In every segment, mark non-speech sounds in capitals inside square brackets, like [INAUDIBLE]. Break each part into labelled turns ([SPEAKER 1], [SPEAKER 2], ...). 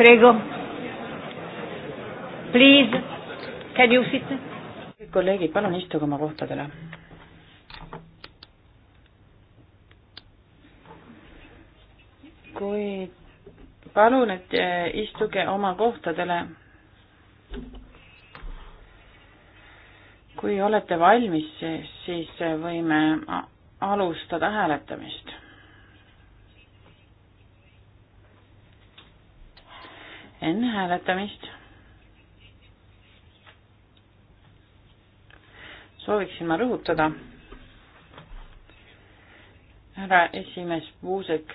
[SPEAKER 1] Prego. Please, can you sit? kolleegid, palun istuge oma kohtadele. kui, palun, et eh, istuge oma kohtadele. kui olete valmis, siis eh, võime alustada hääletamist enne hääletamist sooviksin ma rõhutada, härra esimees Puusek,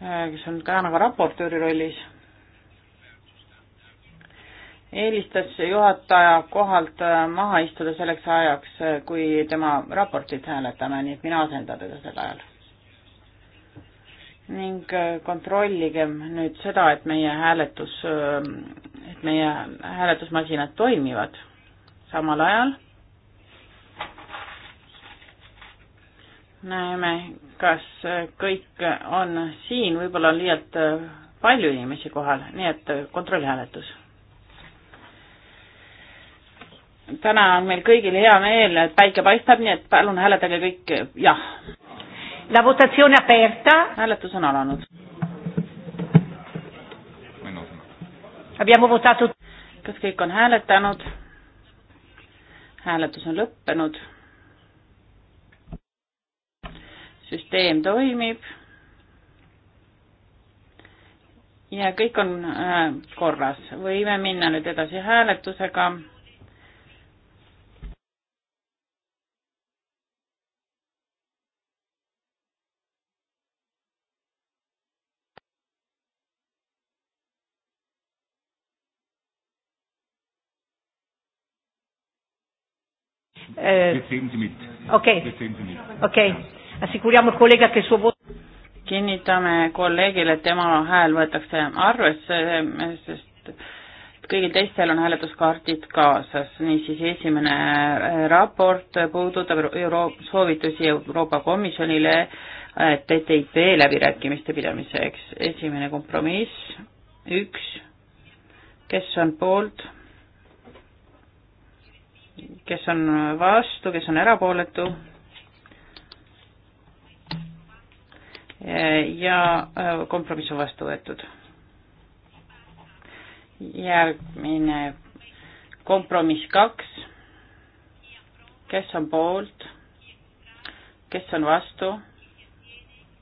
[SPEAKER 1] kes on ka nagu raportööri rollis, eelistas juhataja kohalt maha istuda selleks ajaks, kui tema raportit hääletame, nii et mina asendan teda sel ajal ning äh, kontrolligem nüüd seda, et meie hääletus, ähm, et meie hääletusmasinad toimivad samal ajal. näeme, kas äh, kõik on siin, võib-olla on liialt äh, palju inimesi kohal, nii et kontrollhääletus. täna on meil kõigil hea meel, et päike paistab, nii et palun hääletage kõik jah.
[SPEAKER 2] La votazione aperta. Hääletus on alanud.
[SPEAKER 1] Abbiamo votato. Kas kõik on hääletanud? Hääletus on lõppenud. Süsteem toimib. Ja kõik on äh, korras. Võime minna nüüd edasi hääletusega.
[SPEAKER 3] Eh, okei okay., okei okay., assicuriamo il collega che il
[SPEAKER 1] suo voto kinnitame kolleegile, et tema hääl võetakse arvesse, sest kõigil teistel on hääletuskaardid kaasas. niisiis, esimene eh, raport puudutab euro-, soovitusi Euroopa Komisjonile eh, TTIP läbirääkimiste pidamiseks. esimene kompromiss, üks, kes on poolt kes on vastu, kes on erapooletu. ja äh, kompromiss on vastu võetud. järgmine kompromiss kaks, kes on poolt, kes on vastu,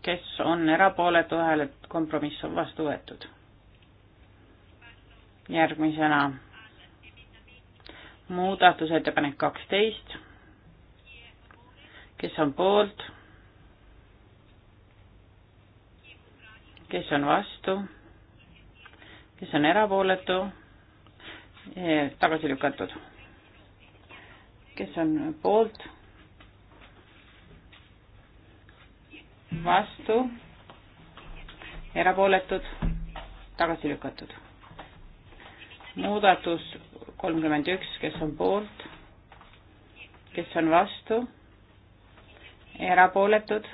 [SPEAKER 1] kes on erapooletu, hääled, kompromiss on vastu võetud. järgmisena muudatusettepanek kaksteist, kes on poolt, kes on vastu, kes on erapooletu, tagasi lükatud, kes on poolt, vastu, erapooletud, tagasi lükatud. muudatus kolmkümmend üks, kes on poolt, kes on vastu, erapooletud.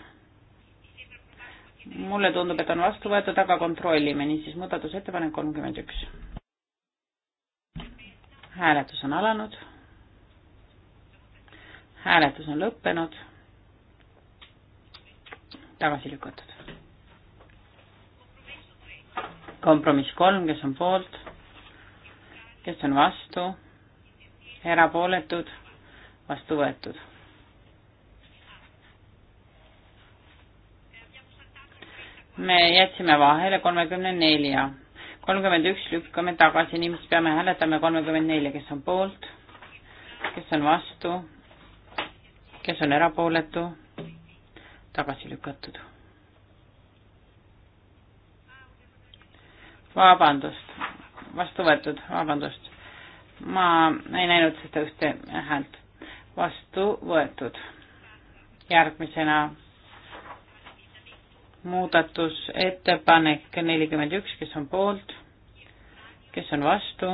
[SPEAKER 1] mulle tundub, et on vastu võetud, aga kontrollime, niisiis muudatusettepanek kolmkümmend üks. hääletus on alanud. hääletus on lõppenud. tagasi lükatud. kompromiss kolm, kes on poolt kes on vastu, erapooletud, vastu võetud. me jätsime vahele kolmekümne nelja, kolmkümmend üks lükkame tagasi, nii mis peame hääletama kolmekümmend nelja, kes on poolt, kes on vastu, kes on erapooletu, tagasi lükatud. vabandust, vastu võetud, vabandust. ma ei näinud seda ühte häält. vastu võetud. järgmisena muudatusettepanek nelikümmend üks, kes on poolt, kes on vastu,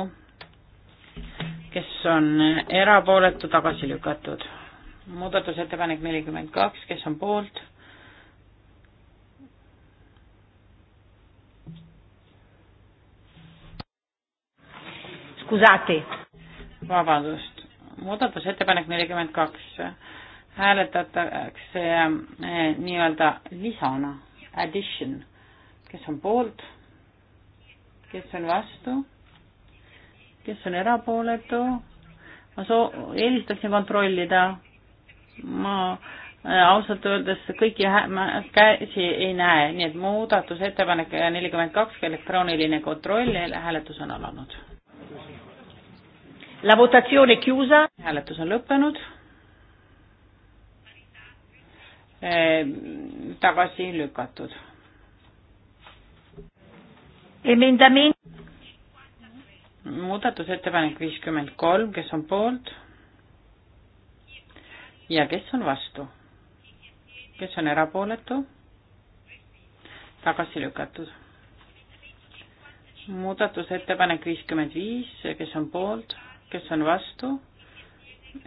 [SPEAKER 1] kes on erapooletu, tagasi lükatud. muudatusettepanek nelikümmend kaks, kes on poolt scusate. vabandust, muudatusettepanek nelikümmend kaks hääletatakse eh, nii-öelda lisana, addition, kes on poolt, kes on vastu, kes on erapooletu, ma soo-, eelistaksin kontrollida, ma eh, ausalt öeldes kõiki käsi ei näe, nii et muudatusettepanek nelikümmend kaks, elektrooniline kontroll, hääletus on alanud
[SPEAKER 3] La votatsioone
[SPEAKER 1] chiusa. hääletus on lõppenud. Ehm, tagasi lükatud. muudatusettepanek viiskümmend kolm, kes on poolt? ja kes on vastu? kes on erapooletu? tagasi lükatud. muudatusettepanek viiskümmend viis, kes on poolt? kes on vastu,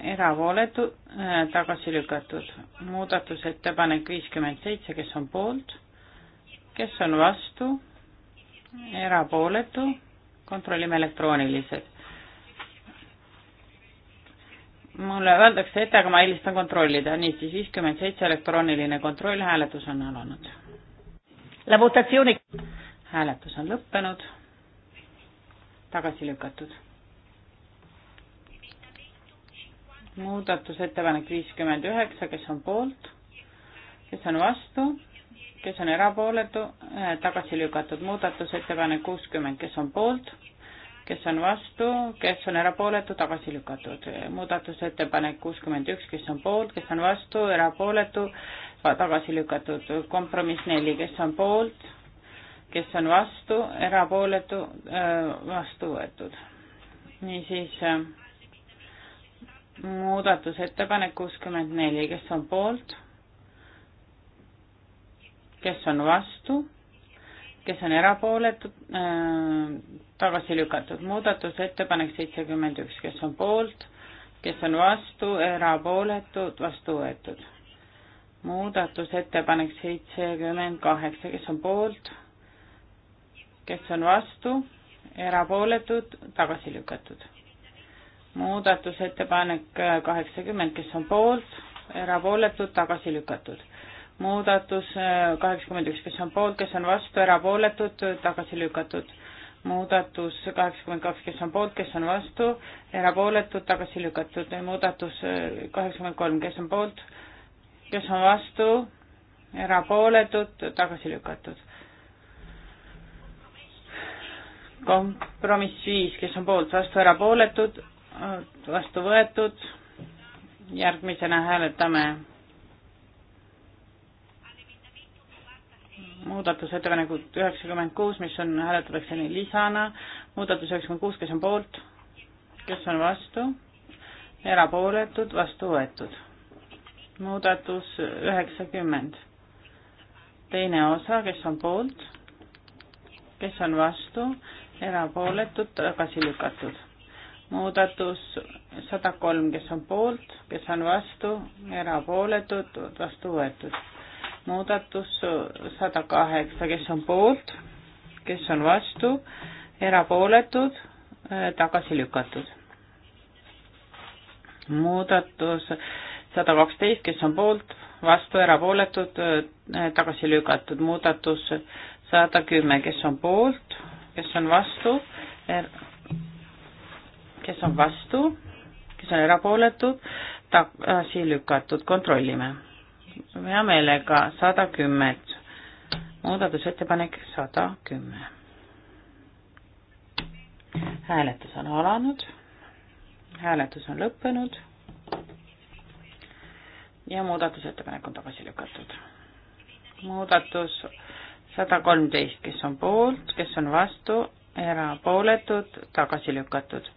[SPEAKER 1] erapooletu, äh, tagasi lükatud. muudatusettepanek viiskümmend seitse, kes on poolt, kes on vastu, erapooletu, kontrollime elektrooniliselt. mulle öeldakse ette, aga ma eelistan kontrollida, niisiis viiskümmend seitse elektrooniline kontroll, hääletus on alanud. hääletus on lõppenud, tagasi lükatud muudatusettepanek viiskümmend üheksa, kes on poolt, kes on vastu, kes on erapooletu, tagasi lükatud muudatusettepanek kuuskümmend, kes on poolt, kes on vastu, kes on erapooletu, tagasi lükatud. muudatusettepanek kuuskümmend üks, kes on poolt, kes on vastu, erapooletu, tagasi lükatud. kompromiss neli, kes on poolt, kes on vastu, erapooletu, vastu võetud. niisiis muudatusettepanek kuuskümmend neli, kes on poolt? kes on vastu? kes on erapooletud äh,? tagasi lükatud muudatusettepanek seitsekümmend üks, kes on poolt? kes on vastu, erapooletud, vastu võetud. muudatusettepanek seitsekümmend kaheksa, kes on poolt, kes on vastu, erapooletud, tagasi lükatud muudatusettepanek äh, kaheksakümmend, kes on poolt, erapooletud, tagasi lükatud. muudatus äh, kaheksakümmend üks, kes on poolt, kes on vastu, erapooletud, tagasi lükatud. muudatus kaheksakümmend kaks, kes on poolt, kes on vastu, erapooletud, tagasi lükatud. muudatus äh, kaheksakümmend kolm, kes on poolt, kes on vastu, erapooletud, tagasi lükatud. kompromiss viis, kes on poolt, vastu, erapooletud vastu võetud. järgmisena hääletame muudatusettepanekut üheksakümmend kuus, mis on, hääletatakse nii lisana, muudatus üheksakümmend kuus, kes on poolt, kes on vastu, erapooletud, vastu võetud. muudatus üheksakümmend, teine osa, kes on poolt, kes on vastu, erapooletud, tagasi lükatud muudatus sada kolm, kes on poolt, kes on vastu, erapooletud, vastu võetud. muudatus sada kaheksa, kes on poolt, kes on vastu, erapooletud, tagasi lükatud. muudatus sada kaksteist, kes on poolt, vastu, erapooletud, tagasi lükatud. muudatus sada kümme, kes on poolt, kes on vastu er, kes on vastu, kes on erapooletud, tagasi lükatud, kontrollime. hea meelega sada kümmet, muudatusettepanek sada kümme. hääletus on alanud, hääletus on lõppenud ja muudatusettepanek on tagasi lükatud. muudatus sada kolmteist, kes on poolt, kes on vastu, erapooletud, tagasi lükatud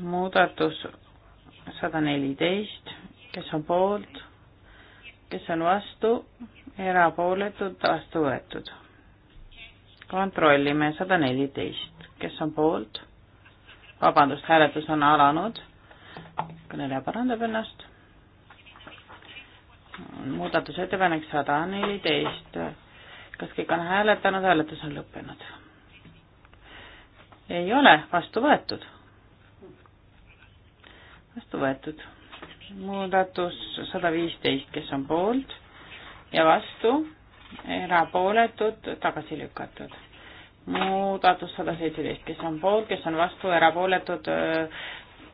[SPEAKER 1] muudatus sada neliteist, kes on poolt, kes on vastu, erapooletud, vastu võetud. kontrollime sada neliteist, kes on poolt, vabandust, hääletus on alanud, kõneleja parandab ennast, muudatusettepanek sada neliteist, kas kõik on hääletanud, hääletus on lõppenud? ei ole, vastu võetud vastu võetud. muudatus sada viisteist, kes on poolt ja vastu, erapooletud, tagasi lükatud. muudatus sada seitseteist, kes on poolt, kes on vastu, erapooletud,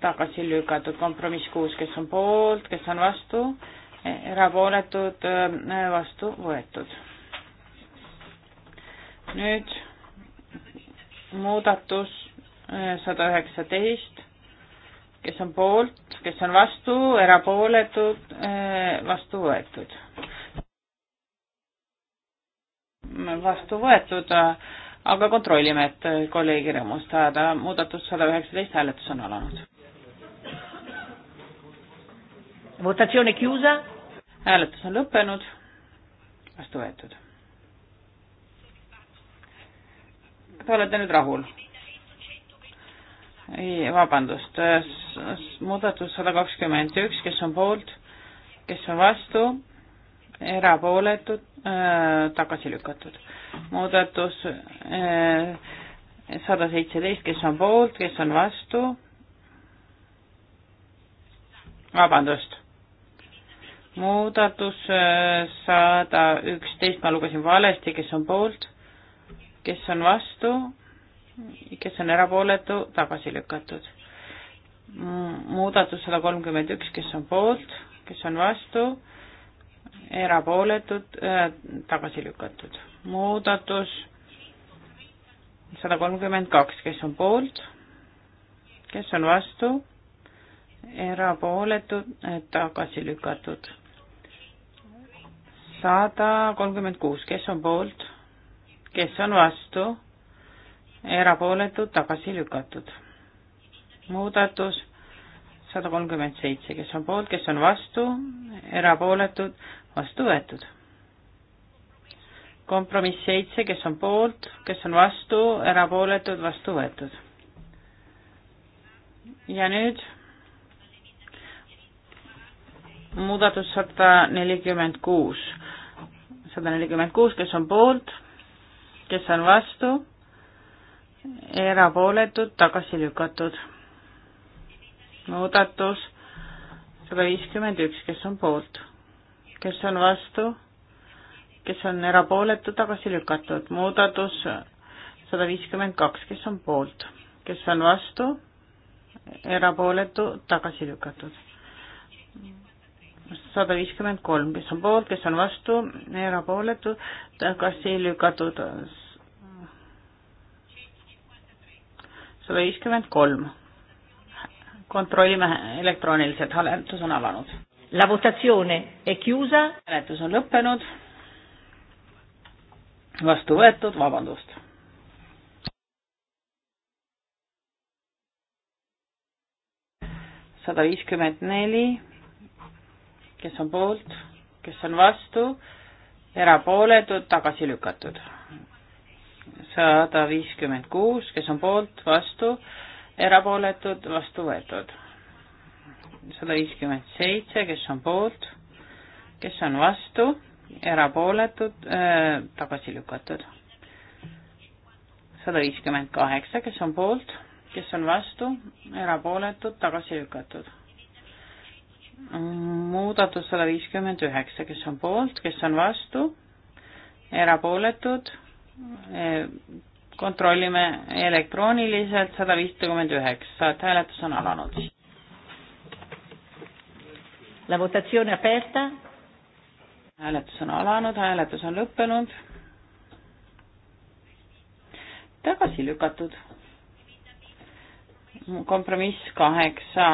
[SPEAKER 1] tagasi lükatud. kompromiss kuus, kes on poolt, kes on vastu, erapooletud, vastu võetud. nüüd muudatus eh, sada üheksateist kes on poolt, kes on vastu, erapooletud, eh, vastu võetud. vastu võetud, eh, aga kontrollime, et kolleegi rõõmust ajada. muudatus sada üheksateist hääletus on alanud. hääletus on lõppenud, vastu võetud. Te olete nüüd rahul? ei, vabandust, muudatus sada kakskümmend üks, kes on poolt, kes on vastu, erapooletud äh,, tagasi lükatud. muudatus äh, sada äh, seitseteist, kes on poolt, kes on vastu, vabandust, muudatus äh, sada üksteist, ma lugesin valesti, kes on poolt, kes on vastu kes on erapooletu, tagasi lükatud. muudatus sada kolmkümmend üks, kes on poolt, kes on vastu, erapooletud, äh, tagasi lükatud. muudatus sada kolmkümmend kaks, kes on poolt, kes on vastu, erapooletud, äh, tagasi lükatud sada kolmkümmend kuus, kes on poolt, kes on vastu, erapooletud, tagasi lükatud. muudatus sada kolmkümmend seitse, kes on poolt, kes on vastu, erapooletud, vastu võetud. kompromiss seitse, kes on poolt, kes on vastu, erapooletud, vastu võetud. ja nüüd muudatus sada nelikümmend kuus, sada nelikümmend kuus, kes on poolt, kes on vastu erapooletud, tagasi lükatud. muudatus sada viiskümmend üks, kes on poolt, kes on vastu, kes on erapooletu, tagasi lükatud. muudatus sada viiskümmend kaks, kes on poolt, kes on vastu, erapooletu, tagasi lükatud. sada viiskümmend kolm, kes on poolt, kes on vastu, erapooletu, tagasi lükatud sada viiskümmend kolm. kontrollime elektrooniliselt, hääletus on alanud. La votazione è chiusa. hääletus on lõppenud. vastu võetud, vabandust. sada viiskümmend neli, kes on poolt, kes on vastu, erapooletud, tagasi lükatud sada viiskümmend kuus, kes on poolt, vastu, erapooletud, vastu võetud. sada viiskümmend seitse, kes on poolt, kes on vastu, erapooletud äh,, tagasi lükatud. sada viiskümmend kaheksa, kes on poolt, kes on vastu, erapooletud, tagasi lükatud. muudatus sada viiskümmend üheksa, kes on poolt, kes on vastu, erapooletud Eh, kontrollime elektrooniliselt sada viiskümmend üheksa, et hääletus on alanud. hääletus on alanud, hääletus on lõppenud. tagasi lükatud. kompromiss kaheksa,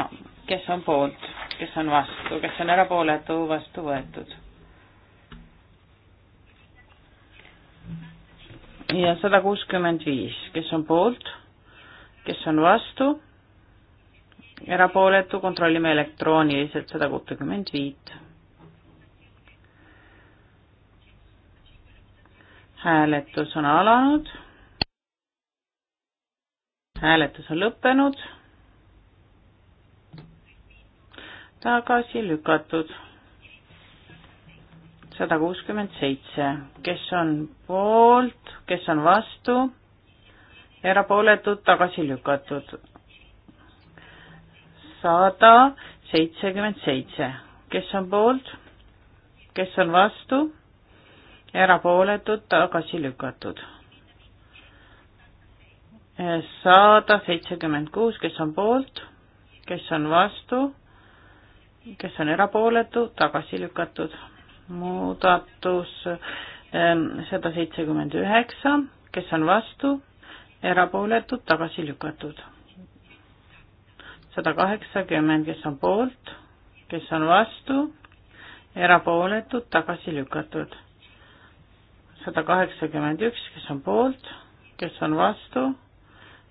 [SPEAKER 1] kes on poolt, kes on vastu, kes on erapooletu, vastu võetud ja sada kuuskümmend viis, kes on poolt, kes on vastu, erapooletu, kontrollime elektrooniliselt sada kuutekümmend viit. hääletus on alanud. hääletus on lõppenud. tagasi lükatud sada kuuskümmend seitse, kes on poolt, kes on vastu, erapooletud, tagasi lükatud. sada seitsekümmend seitse, kes on poolt, kes on vastu, erapooletud, tagasi lükatud. sada seitsekümmend kuus, kes on poolt, kes on vastu, kes on erapooletu, tagasi lükatud muudatus sada ähm, seitsekümmend üheksa, kes on vastu, erapooletud, tagasi lükatud. sada kaheksakümmend, kes on poolt, kes on vastu, erapooletud, tagasi lükatud. sada kaheksakümmend üks, kes on poolt, kes on vastu,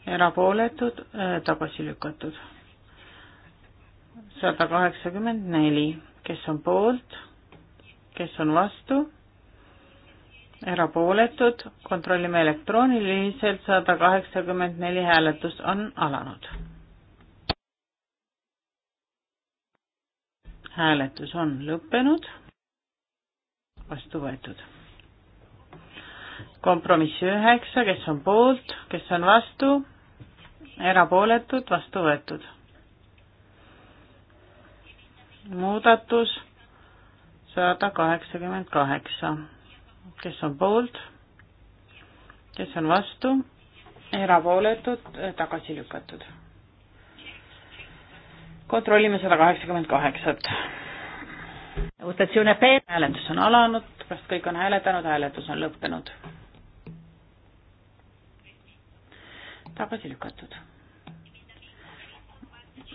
[SPEAKER 1] erapooletud, äh, tagasi lükatud. sada kaheksakümmend neli, kes on poolt kes on vastu, erapooletud, kontrollime elektrooniliselt, sada kaheksakümmend neli hääletus on alanud. hääletus on lõppenud, vastu võetud. kompromiss üheksa, kes on poolt, kes on vastu, erapooletud, vastu võetud. muudatus sada kaheksakümmend kaheksa. kes on poolt? kes on vastu? erapooletud, tagasi lükatud. kontrollime sada kaheksakümmend kaheksat. hääletus on alanud, kas kõik on hääletanud, hääletus on lõppenud. tagasi lükatud.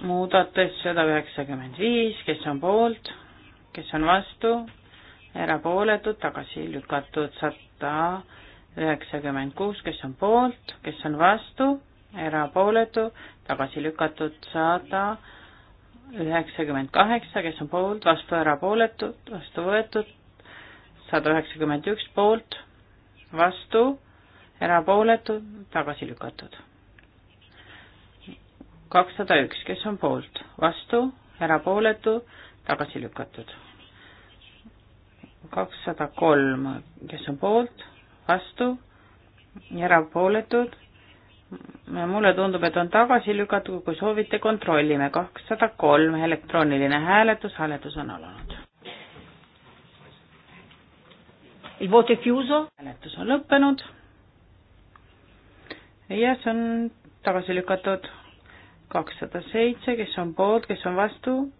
[SPEAKER 1] muudatus sada üheksakümmend viis, kes on poolt? kes on vastu, erapooletud, tagasi lükatud sada üheksakümmend kuus, kes on poolt, kes on vastu, erapooletu, tagasi lükatud sada üheksakümmend kaheksa, kes on poolt, vastu, erapooletud, vastu võetud, sada üheksakümmend üks poolt, vastu, erapooletud, tagasi lükatud. kakssada üks, kes on poolt, vastu, erapooletu, tagasi lükatud. kakssada kolm, kes on poolt, vastu, erapooletud. mulle tundub, et on tagasi lükatud, kui soovite, kontrollime. kakssada kolm, elektrooniline hääletus, hääletus on alanud. hääletus on lõppenud. ja see on tagasi lükatud kakssada seitse, kes on poolt, kes on vastu,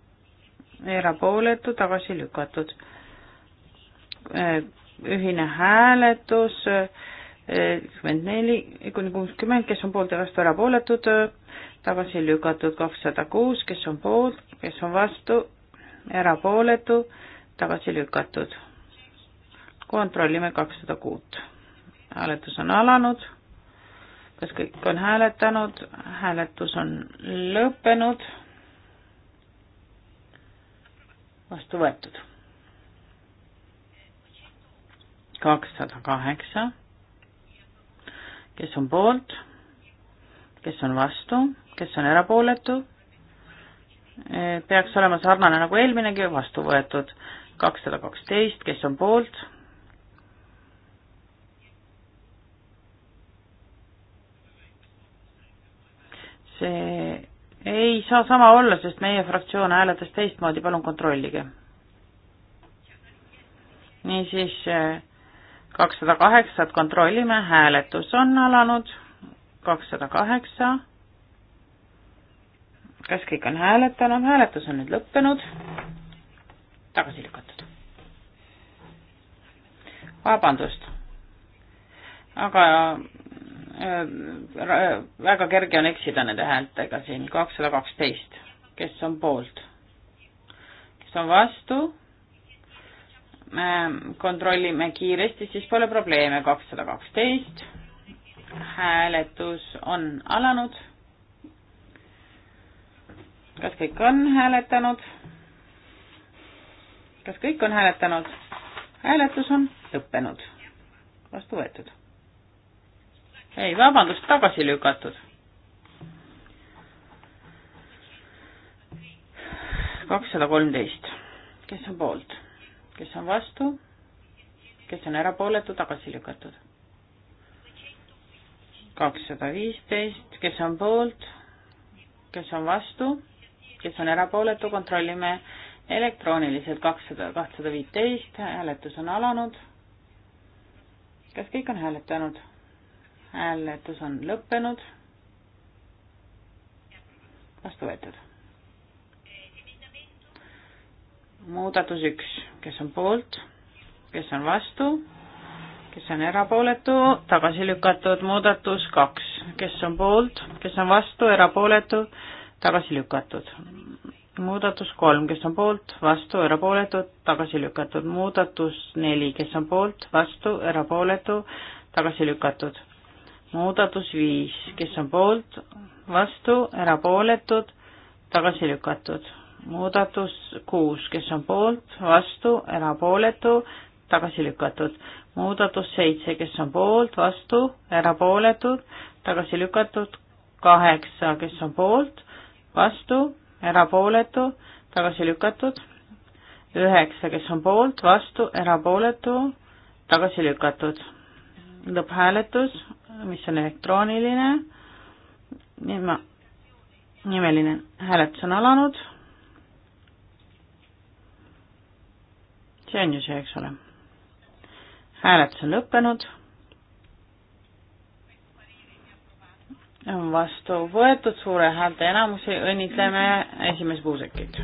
[SPEAKER 1] erapooletu, tagasi lükatud. Äh, ühine hääletus kakskümmend äh, neli kuni kuuskümmend, kes on poolt ja vastu, erapooletud, tagasi lükatud kakssada kuus, kes on poolt, kes on vastu, erapooletu, tagasi lükatud. kontrollime kakssada kuut. hääletus on alanud. kas kõik on hääletanud? hääletus on lõppenud vastu võetud. kakssada kaheksa, kes on poolt, kes on vastu, kes on erapooletu, e, peaks olema sarnane nagu eelminegi, vastu võetud kakssada kaksteist, kes on poolt, see ei saa sama olla, sest meie fraktsioon hääletas teistmoodi, palun kontrollige. niisiis, eh, kakssada kaheksat kontrollime, hääletus on alanud, kakssada kaheksa. kas kõik on hääletanud, hääletus on nüüd lõppenud, tagasi lükatud. vabandust, aga Äh, väga kerge on eksida nende häältega siin, kakssada kaksteist, kes on poolt, kes on vastu, me kontrollime kiiresti, siis pole probleeme, kakssada kaksteist, hääletus on alanud. kas kõik on hääletanud? kas kõik on hääletanud? hääletus on lõppenud, vastu võetud ei, vabandust, tagasi lükatud. kakssada kolmteist, kes on poolt, kes on vastu, kes on erapooletu, tagasi lükatud. kakssada viisteist, kes on poolt, kes on vastu, kes on erapooletu, kontrollime elektrooniliselt kakssada, kakssada viiteist, hääletus on alanud. kas kõik on hääletanud? hääletus on lõppenud. vastu võetud. muudatus üks, kes on poolt, kes on vastu, kes on erapooletu, tagasi lükatud, muudatus kaks, kes on poolt, kes on vastu, erapooletu, tagasi lükatud. muudatus kolm, kes on poolt, vastu, erapooletu, tagasi lükatud, muudatus neli, kes on poolt, vastu, erapooletu, tagasi lükatud muudatus viis, kes on poolt, vastu, erapooletud, tagasi lükatud. muudatus kuus, kes on poolt, vastu, erapooletu, tagasi lükatud. muudatus seitse, kes on poolt, vastu, erapooletud, tagasi lükatud. kaheksa, kes on poolt, vastu, erapooletu, tagasi lükatud. üheksa, kes on poolt, vastu, erapooletu, tagasi lükatud lõpphääletus, mis on elektrooniline, nimeline hääletus on alanud. see on ju see, eks ole. hääletus on lõppenud. vastu võetud suure häälte enamusi, õnnitleme esimees Puusekit.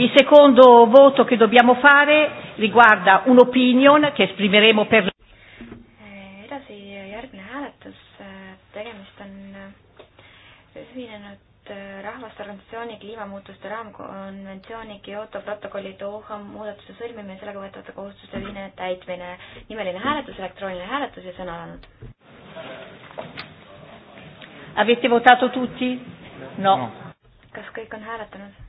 [SPEAKER 2] Il secondo voto che dobbiamo fare riguarda un'opinion che esprimeremo per la
[SPEAKER 3] edasi järgmine
[SPEAKER 4] hääletus, tegemist on ühinenud rahvasteorganisatsiooni kliimamuutuste raamkonventsiooni Kyoto protokolli Doha muudatuse sõlmimine, sellega võetavate kohustuste ühine täitmine. nimeline hääletus, elektrooniline hääletus ja see on alanud.
[SPEAKER 2] Avete votato tutti? no, no..
[SPEAKER 4] kas kõik on hääletanud?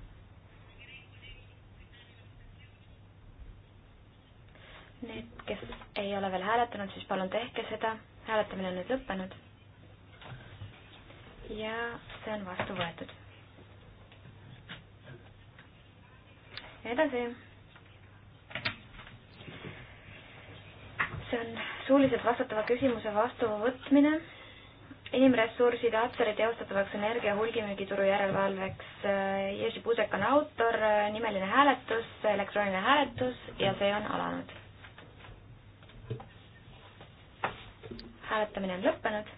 [SPEAKER 4] Need, kes ei ole veel hääletanud, siis palun tehke seda. hääletamine on nüüd lõppenud. ja see on vastu võetud. edasi. see on suuliselt vastatava küsimuse vastuvõtmine inimressursid Atsari teostatavaks energia hulgimüügituru järelevalveks. Jerzy Puusek on autor, nimeline hääletus, elektrooniline hääletus ja see on alanud hääletamine on lõppenud.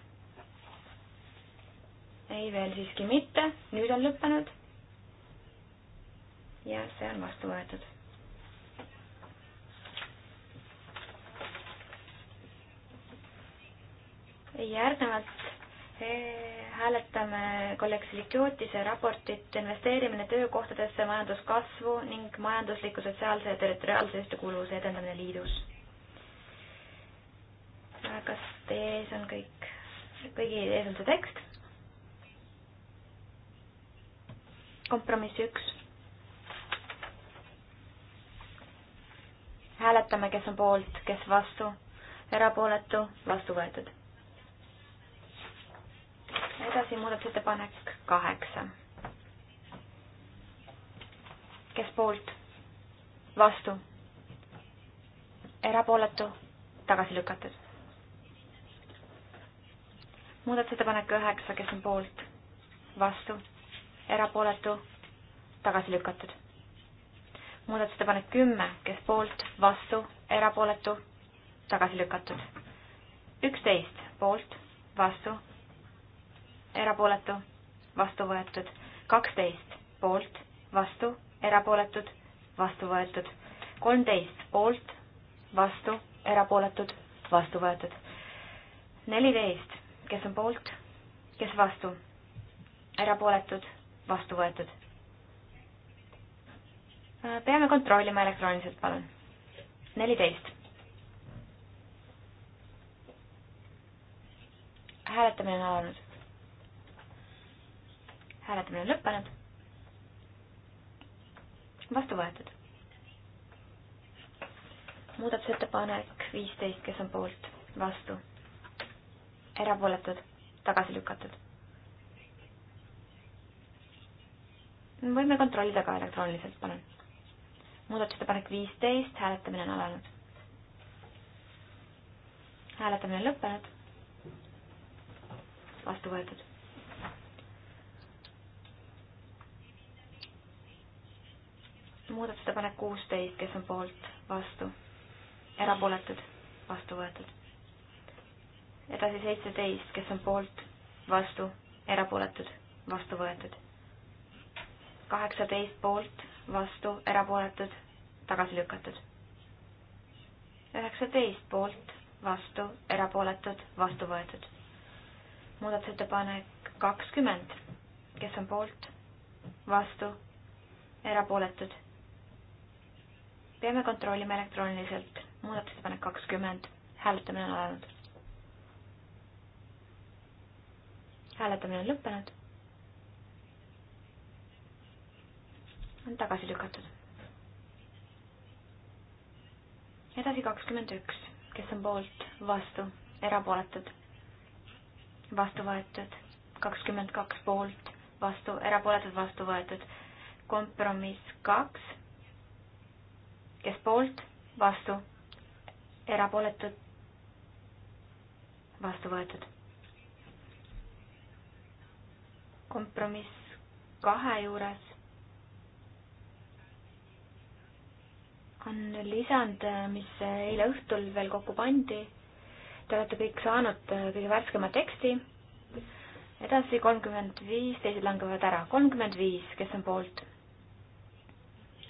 [SPEAKER 4] ei, veel siiski mitte, nüüd on lõppenud. ja see on vastu võetud. järgnevalt eh, hääletame kollektiivse raportit investeerimine töökohtadesse, majanduskasvu ning majandusliku, sotsiaalse ja territoriaalse ühtekuuluvuse edendamine liidus kas teie ees on kõik, kõigi ees on see tekst? kompromiss üks. hääletame, kes on poolt, kes vastu, erapooletu, vastu võetud. edasi muudatusettepanek kaheksa. kes poolt, vastu, erapooletu, tagasi lükatud muudatusettepanek üheksa, kes on poolt, vastu, erapooletu, tagasi lükatud. muudatusettepanek kümme, kes poolt, vastu, erapooletu, tagasi lükatud. üksteist, poolt, vastu, erapooletu, vastu võetud. kaksteist, poolt, vastu, erapooletud, vastu võetud. kolmteist, poolt, vastu, erapooletud, vastu võetud. neliteist kes on poolt, kes vastu, erapooletud, vastu võetud. Äh, peame kontrollima elektrooniliselt, palun. neliteist. hääletamine on alanud. hääletamine on lõppenud. vastu võetud. muudatusettepanek viisteist, kes on poolt, vastu erapooletud, tagasi lükatud. võime kontrollida ka elektrooniliselt, palun. muudatusettepanek viisteist, hääletamine on alanud. hääletamine on lõppenud. vastu võetud. muudatusettepanek kuusteist, kes on poolt, vastu, erapooletud, vastu võetud edasi seitseteist, kes on poolt, vastu, erapooletud, vastu võetud. kaheksateist poolt, vastu, erapooletud, tagasi lükatud. üheksateist poolt, vastu, erapooletud, vastu võetud. muudatusettepanek kakskümmend, kes on poolt, vastu, erapooletud. peame kontrollima elektrooniliselt, muudatusettepanek kakskümmend, hääletamine on alanud. hääletamine on lõppenud. on tagasi lükatud. edasi kakskümmend üks, kes on poolt, vastu, erapooletud, vastu võetud, kakskümmend kaks poolt, vastu, erapooletud, vastu võetud, kompromiss kaks, kes poolt, vastu, erapooletud, vastu võetud kompromiss kahe juures on lisand, mis eile õhtul veel kokku pandi. Te olete kõik saanud kõige värskema teksti. edasi kolmkümmend viis, teised langevad ära. kolmkümmend viis, kes on poolt?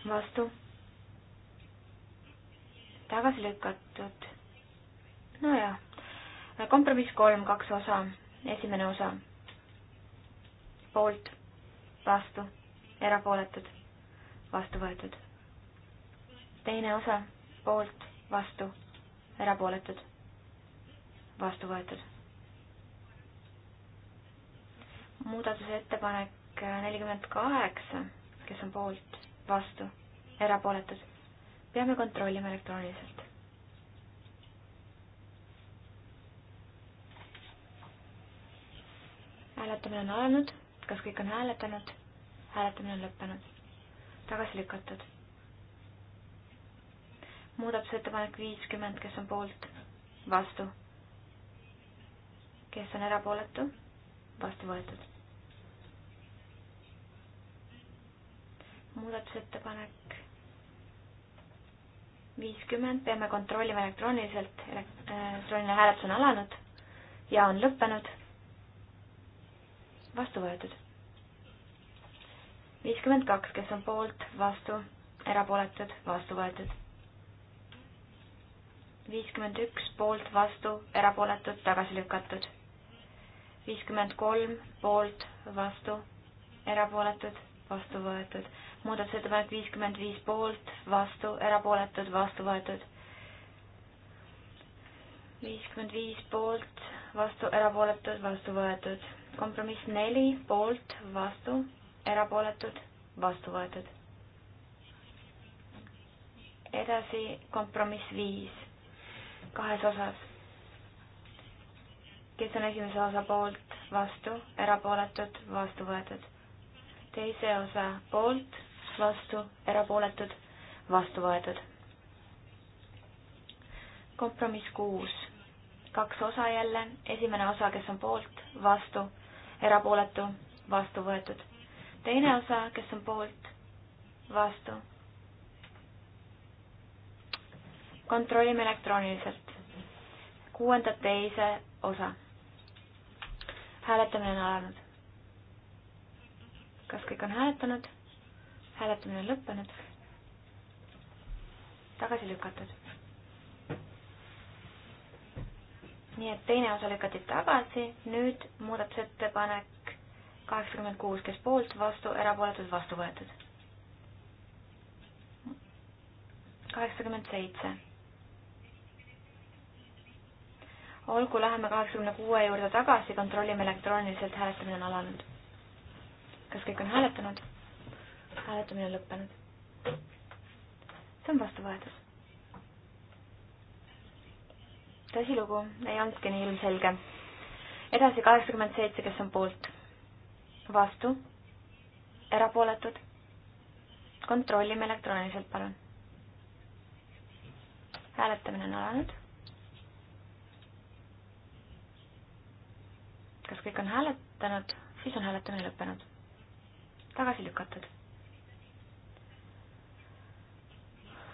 [SPEAKER 4] vastu? tagasi lükatud. nojah, kompromiss kolm, kaks osa, esimene osa poolt, vastu, erapooletud, vastu võetud. teine osa, poolt, vastu, erapooletud, vastu võetud. muudatusettepanek nelikümmend kaheksa, kes on poolt, vastu, erapooletud, peame kontrollima elektrooniliselt. hääletamine on alanud kas kõik on hääletanud? hääletamine on lõppenud. tagasi lükatud. muudatusettepanek viiskümmend, kes on poolt? vastu. kes on erapooletu? vastu võetud. muudatusettepanek viiskümmend, peame kontrollima elektrooniliselt, äh, elektrooniline hääletus on alanud ja on lõppenud vastu võetud. viiskümmend kaks, kes on poolt, vastu, erapooletud, vastu võetud. viiskümmend üks, poolt, vastu, erapooletud, tagasi lükatud. viiskümmend kolm, poolt, vastu, erapooletud, vastu võetud. muudatusettepanek viiskümmend viis, poolt, vastu, erapooletud, vastu võetud. viiskümmend viis, poolt, vastu, erapooletud, vastu võetud kompromiss neli poolt, vastu, erapooletud, vastu võetud. edasi kompromiss viis kahes osas. kes on esimese osa poolt, vastu, erapooletud, vastu võetud. teise osa poolt, vastu, erapooletud, vastu võetud. kompromiss kuus, kaks osa jälle, esimene osa, kes on poolt, vastu erapooletu, vastu võetud. teine osa, kes on poolt, vastu. kontrollime elektrooniliselt. kuuenda teise osa. hääletamine on alanud. kas kõik on hääletanud? hääletamine on lõppenud. tagasi lükatud nii et teine osa lükati tagasi, nüüd muudatusettepanek kaheksakümmend kuus, kes poolt, vastu, erapooletud, vastu võetud. kaheksakümmend seitse. olgu, läheme kaheksakümne kuue juurde tagasi, kontrollime elektrooniliselt, hääletamine on alanud. kas kõik on hääletanud? hääletamine on lõppenud. see on vastu võetud tõsilugu, ei olnudki nii ilmselge. edasi kaheksakümmend seitse, kes on poolt, vastu, erapooletud. kontrollime elektrooniliselt, palun. hääletamine on alanud. kas kõik on hääletanud, siis on hääletamine lõppenud. tagasi lükatud.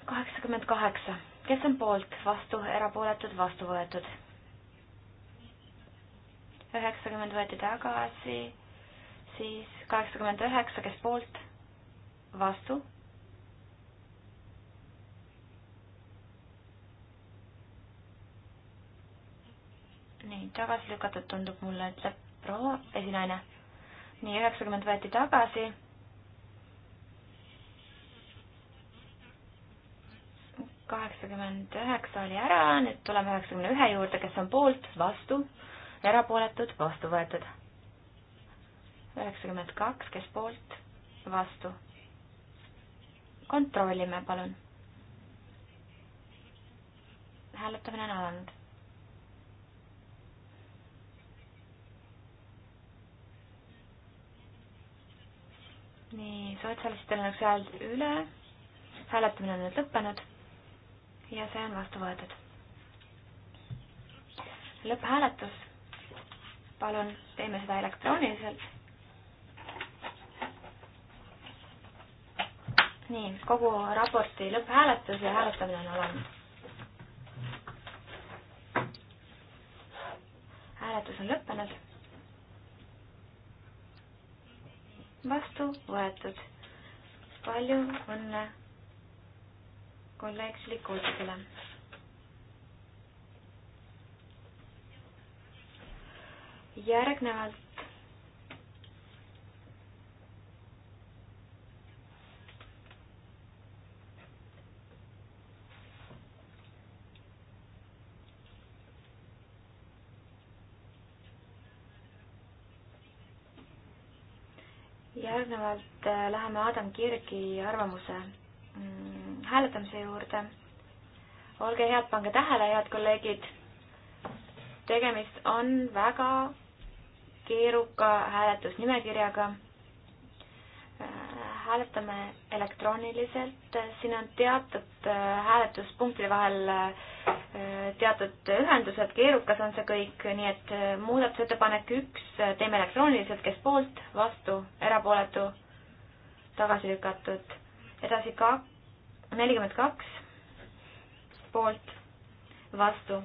[SPEAKER 4] kaheksakümmend kaheksa kes on poolt, vastu, erapooletud, vastu võetud. üheksakümmend võeti tagasi, siis kaheksakümmend üheksa, kes poolt, vastu. nii, tagasi lükatud tundub mulle, ütleb proua esinaine. nii, üheksakümmend võeti tagasi kaheksakümmend üheksa oli ära, nüüd tuleme üheksakümne ühe juurde, kes on poolt, vastu, erapooletud, vastu võetud. üheksakümmend kaks, kes poolt, vastu. kontrollime, palun. hääletamine on alanud. nii, sotsialistidel on üks hääl üle, hääletamine on nüüd lõppenud ja see on vastu võetud. lõpphääletus. palun teeme seda elektrooniliselt. nii, kogu raporti lõpphääletus ja hääletamine on alanud. hääletus on lõppenud. vastu võetud. palju õnne kolleeg Šlikovskile. järgnevalt järgnevalt läheme Adam Kirgi arvamuse mm, hääletamise juurde. olge head, pange tähele, head kolleegid. tegemist on väga keeruka hääletusnimekirjaga. Äh, hääletame elektrooniliselt, siin on teatud äh, hääletuspunktide vahel äh, teatud ühendused, keerukas on see kõik, nii et muudatusettepanek üks, teeme elektrooniliselt, kes poolt, vastu, erapooletu, tagasi lükatud. edasi kaks, nelikümmend kaks poolt, vastu.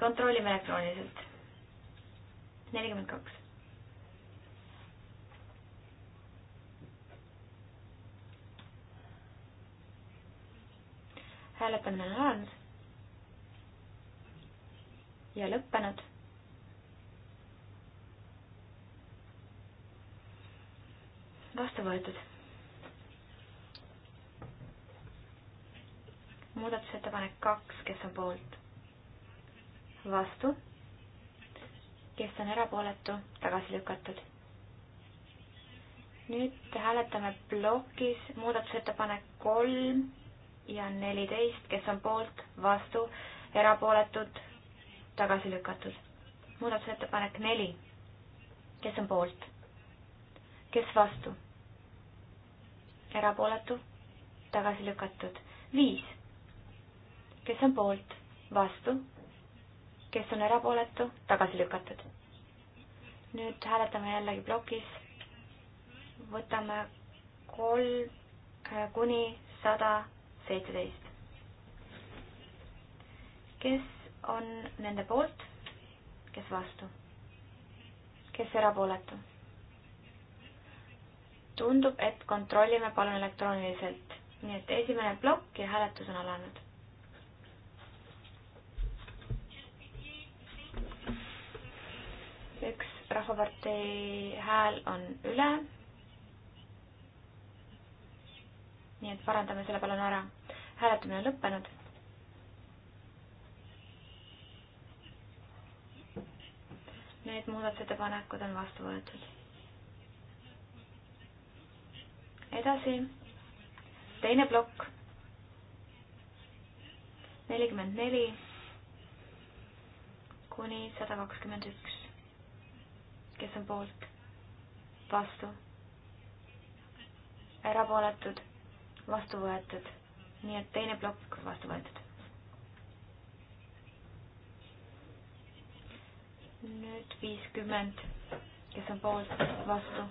[SPEAKER 4] kontrollime elektrooniliselt. nelikümmend kaks. hääletamine on alanud ja lõppenud. vastu võetud muudatusettepanek kaks, kes on poolt? vastu. kes on erapooletu? tagasi lükatud. nüüd hääletame plokis muudatusettepanek kolm ja neliteist, kes on poolt, vastu, erapooletud, tagasi lükatud. muudatusettepanek neli, kes on poolt? kes vastu? erapooletu, tagasi lükatud. viis kes on poolt, vastu, kes on erapooletu, tagasi lükatud. nüüd hääletame jällegi plokis. võtame kolm äh, kuni sada seitseteist. kes on nende poolt, kes vastu, kes erapooletu? tundub, et kontrollime palun elektrooniliselt, nii et esimene plokk ja hääletus on alanud. üks Rahvapartei hääl on üle. nii et parandame selle palun ära. hääletamine on lõppenud. Need muudatusettepanekud on vastu võetud. edasi, teine plokk. nelikümmend neli kuni sada kakskümmend üks kes on poolt, vastu, erapooletud, vastu võetud, nii et teine plokk vastu võetud. nüüd viiskümmend, kes on poolt, vastu,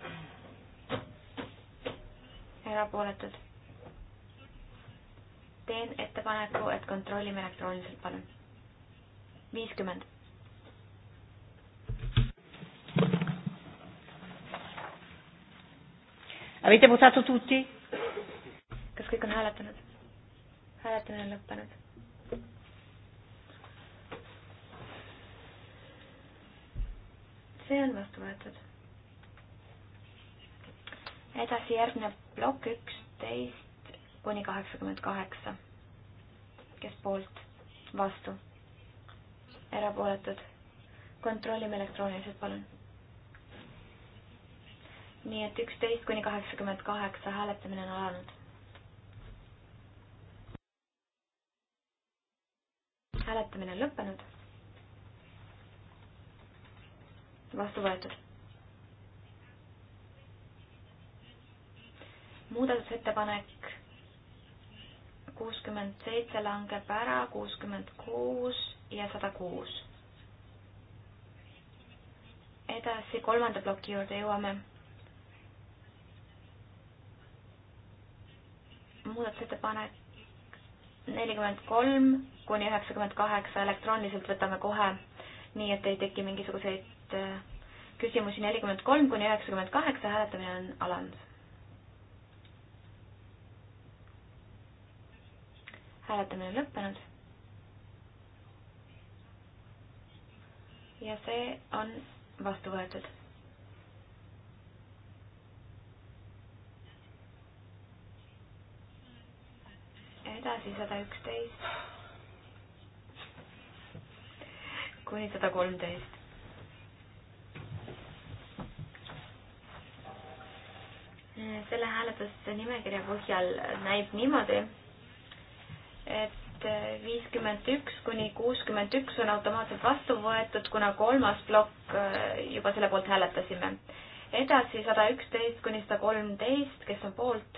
[SPEAKER 4] erapooletud. teen ettepaneku, et kontrollime elektrooniliselt, palun. viiskümmend Avete votato tutti? kas kõik on hääletanud? hääletamine on lõppenud. see on vastu võetud. edasi järgneb plokk üksteist kuni kaheksakümmend kaheksa. kes poolt? vastu? erapooletud? kontrollime elektrooniliselt, palun nii et üksteist kuni kaheksakümmend kaheksa hääletamine on alanud. hääletamine on lõppenud. vastu võetud. muudatusettepanek kuuskümmend seitse langeb ära, kuuskümmend kuus ja sada kuus. edasi kolmanda ploki juurde jõuame muudatusettepanek nelikümmend kolm kuni üheksakümmend kaheksa elektrooniliselt võtame kohe, nii et ei teki mingisuguseid äh, küsimusi. nelikümmend kolm kuni üheksakümmend kaheksa hääletamine on alanud. hääletamine on lõppenud. ja see on vastu võetud edasi sada üksteist kuni sada kolmteist. selle hääletuste nimekirja põhjal näib niimoodi, et viiskümmend üks kuni kuuskümmend üks on automaatselt vastu võetud, kuna kolmas plokk äh, juba selle poolt hääletasime. edasi sada üksteist kuni sada kolmteist, kes on poolt,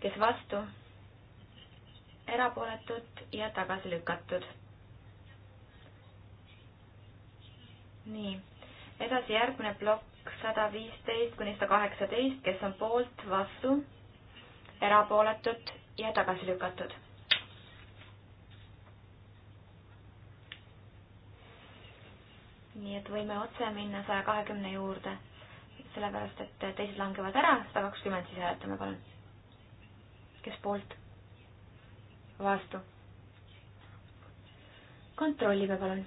[SPEAKER 4] kes vastu, erapooletud ja tagasi lükatud. nii, edasi järgmine plokk sada viisteist kuni sada kaheksateist, kes on poolt, vastu, erapooletud ja tagasi lükatud. nii et võime otse minna saja kahekümne juurde, sellepärast et teised langevad ära, sada kakskümmend siis hääletame, palun. kes poolt? vastu. kontrollime palun.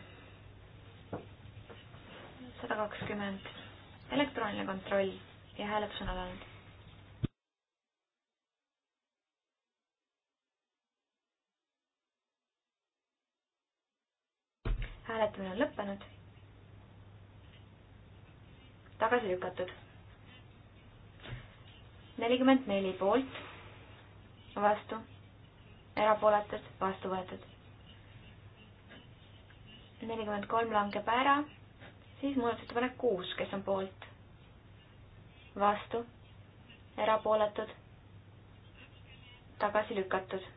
[SPEAKER 4] sada kakskümmend, elektrooniline kontroll ja hääletus on alanud. hääletamine on lõppenud. tagasi lükatud. nelikümmend neli poolt, vastu erapooletud, vastu võetud. nelikümmend kolm langeb ära, siis muudatusettepanek kuus, kes on poolt, vastu, erapooletud, tagasi lükatud.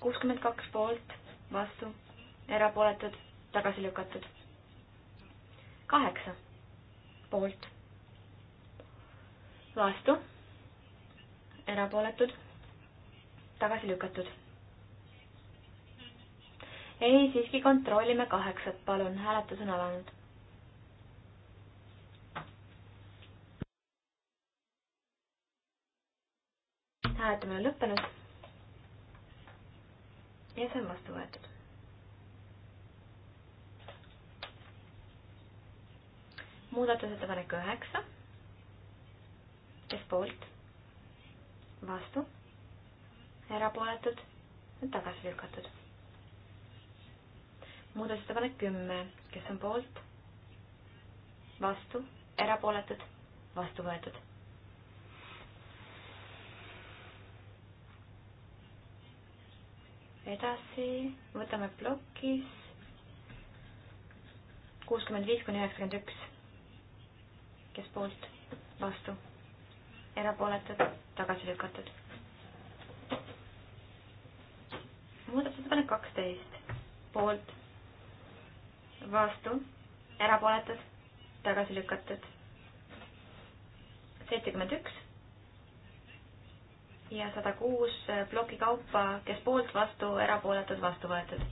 [SPEAKER 4] kuuskümmend kaks poolt, vastu, erapooletud, tagasi lükatud. kaheksa poolt, vastu, erapooletud tagasi lükatud. ei, siiski kontrollime kaheksat, palun, hääletus on alanud. hääletamine on lõppenud. ja see on vastu võetud. muudatusettepanek üheksa. kes poolt? vastu erapooletud, tagasi lükatud. muudatusettepanek kümme, kes on poolt, vastu, erapooletud, vastu võetud. edasi võtame plokis kuuskümmend viis kuni üheksakümmend üks. kes poolt, vastu, erapooletud, tagasi lükatud muudatusettepanek kaksteist, poolt, vastu, erapooletud, tagasi lükatud. seitsekümmend üks ja sada kuus eh, ploki kaupa, kes poolt, vastu, erapooletud, vastu võetud.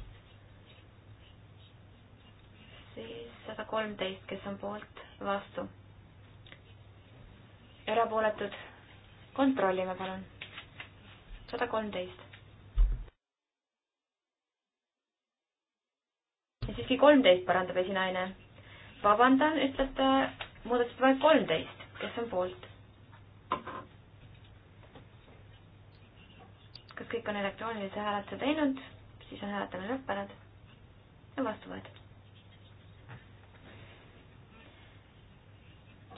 [SPEAKER 4] siis sada kolmteist, kes on poolt, vastu, erapooletud, kontrollime palun. sada kolmteist. siiski kolmteist, parandab esinaine. vabandan, ütleb ta, muudatusettepanek kolmteist, kes on poolt? kas kõik on elektroonilise hääletuse teinud, siis on hääletamine lõppenud ja vastu võetud.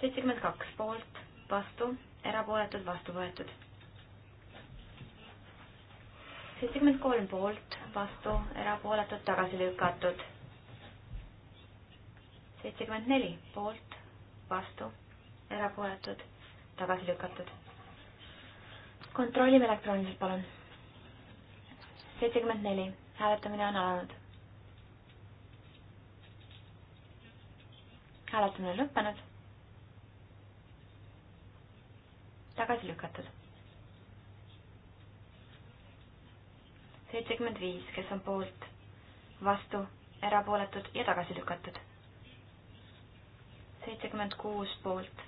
[SPEAKER 4] seitsekümmend kaks poolt, vastu, erapooletud, vastu võetud. seitsekümmend kolm poolt, vastu, erapooletud, tagasi lükatud seitsekümmend neli poolt, vastu, erapooletud, tagasi lükatud. kontrollime elektrooniliselt, palun. seitsekümmend neli, hääletamine on alanud. hääletamine on lõppenud. tagasi lükatud. seitsekümmend viis, kes on poolt, vastu, erapooletud ja tagasi lükatud seitsekümmend kuus poolt,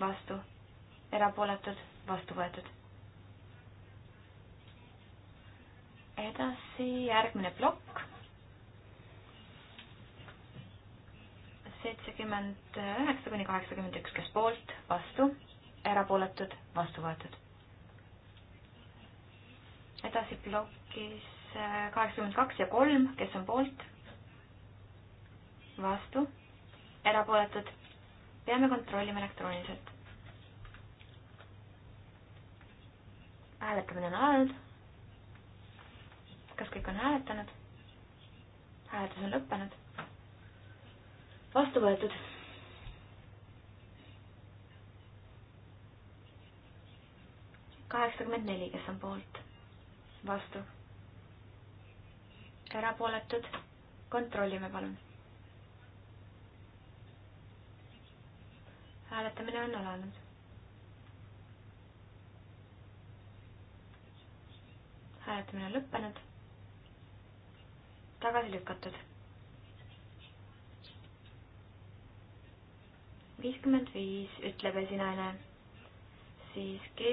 [SPEAKER 4] vastu, erapooletud, vastu võetud. edasi järgmine plokk. seitsekümmend üheksa kuni kaheksakümmend üks, kes poolt, vastu, erapooletud, vastu võetud. edasi plokis äh, kaheksakümmend kaks ja kolm, kes on poolt, vastu, erapooletud, peame kontrollima elektrooniliselt. hääletamine on alanud. kas kõik on hääletanud? hääletus on lõppenud. vastu võetud. kaheksakümmend neli, kes on poolt, vastu, erapooletud, kontrollime palun hääletamine on alanud. hääletamine on lõppenud. tagasi lükatud. viiskümmend viis ütleb esinaine, siiski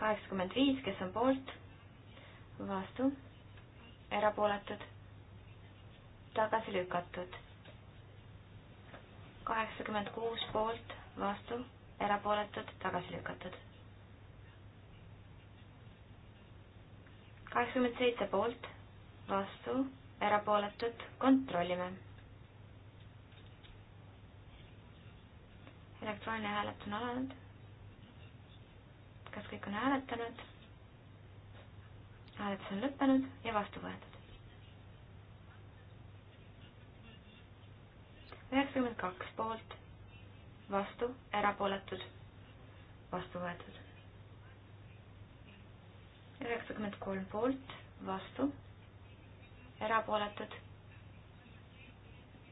[SPEAKER 4] kaheksakümmend viis, kes on poolt, vastu, erapooletud, tagasi lükatud. kaheksakümmend kuus poolt, vastu, erapooletud, tagasi lükatud. kaheksakümmend seitse poolt, vastu, erapooletud, kontrollime. elektrooniline hääletus on alanud. kas kõik on hääletanud? hääletus on lõppenud ja vastu võetud. üheksakümmend kaks poolt vastu, erapooletud, vastu võetud. üheksakümmend kolm poolt, vastu, erapooletud.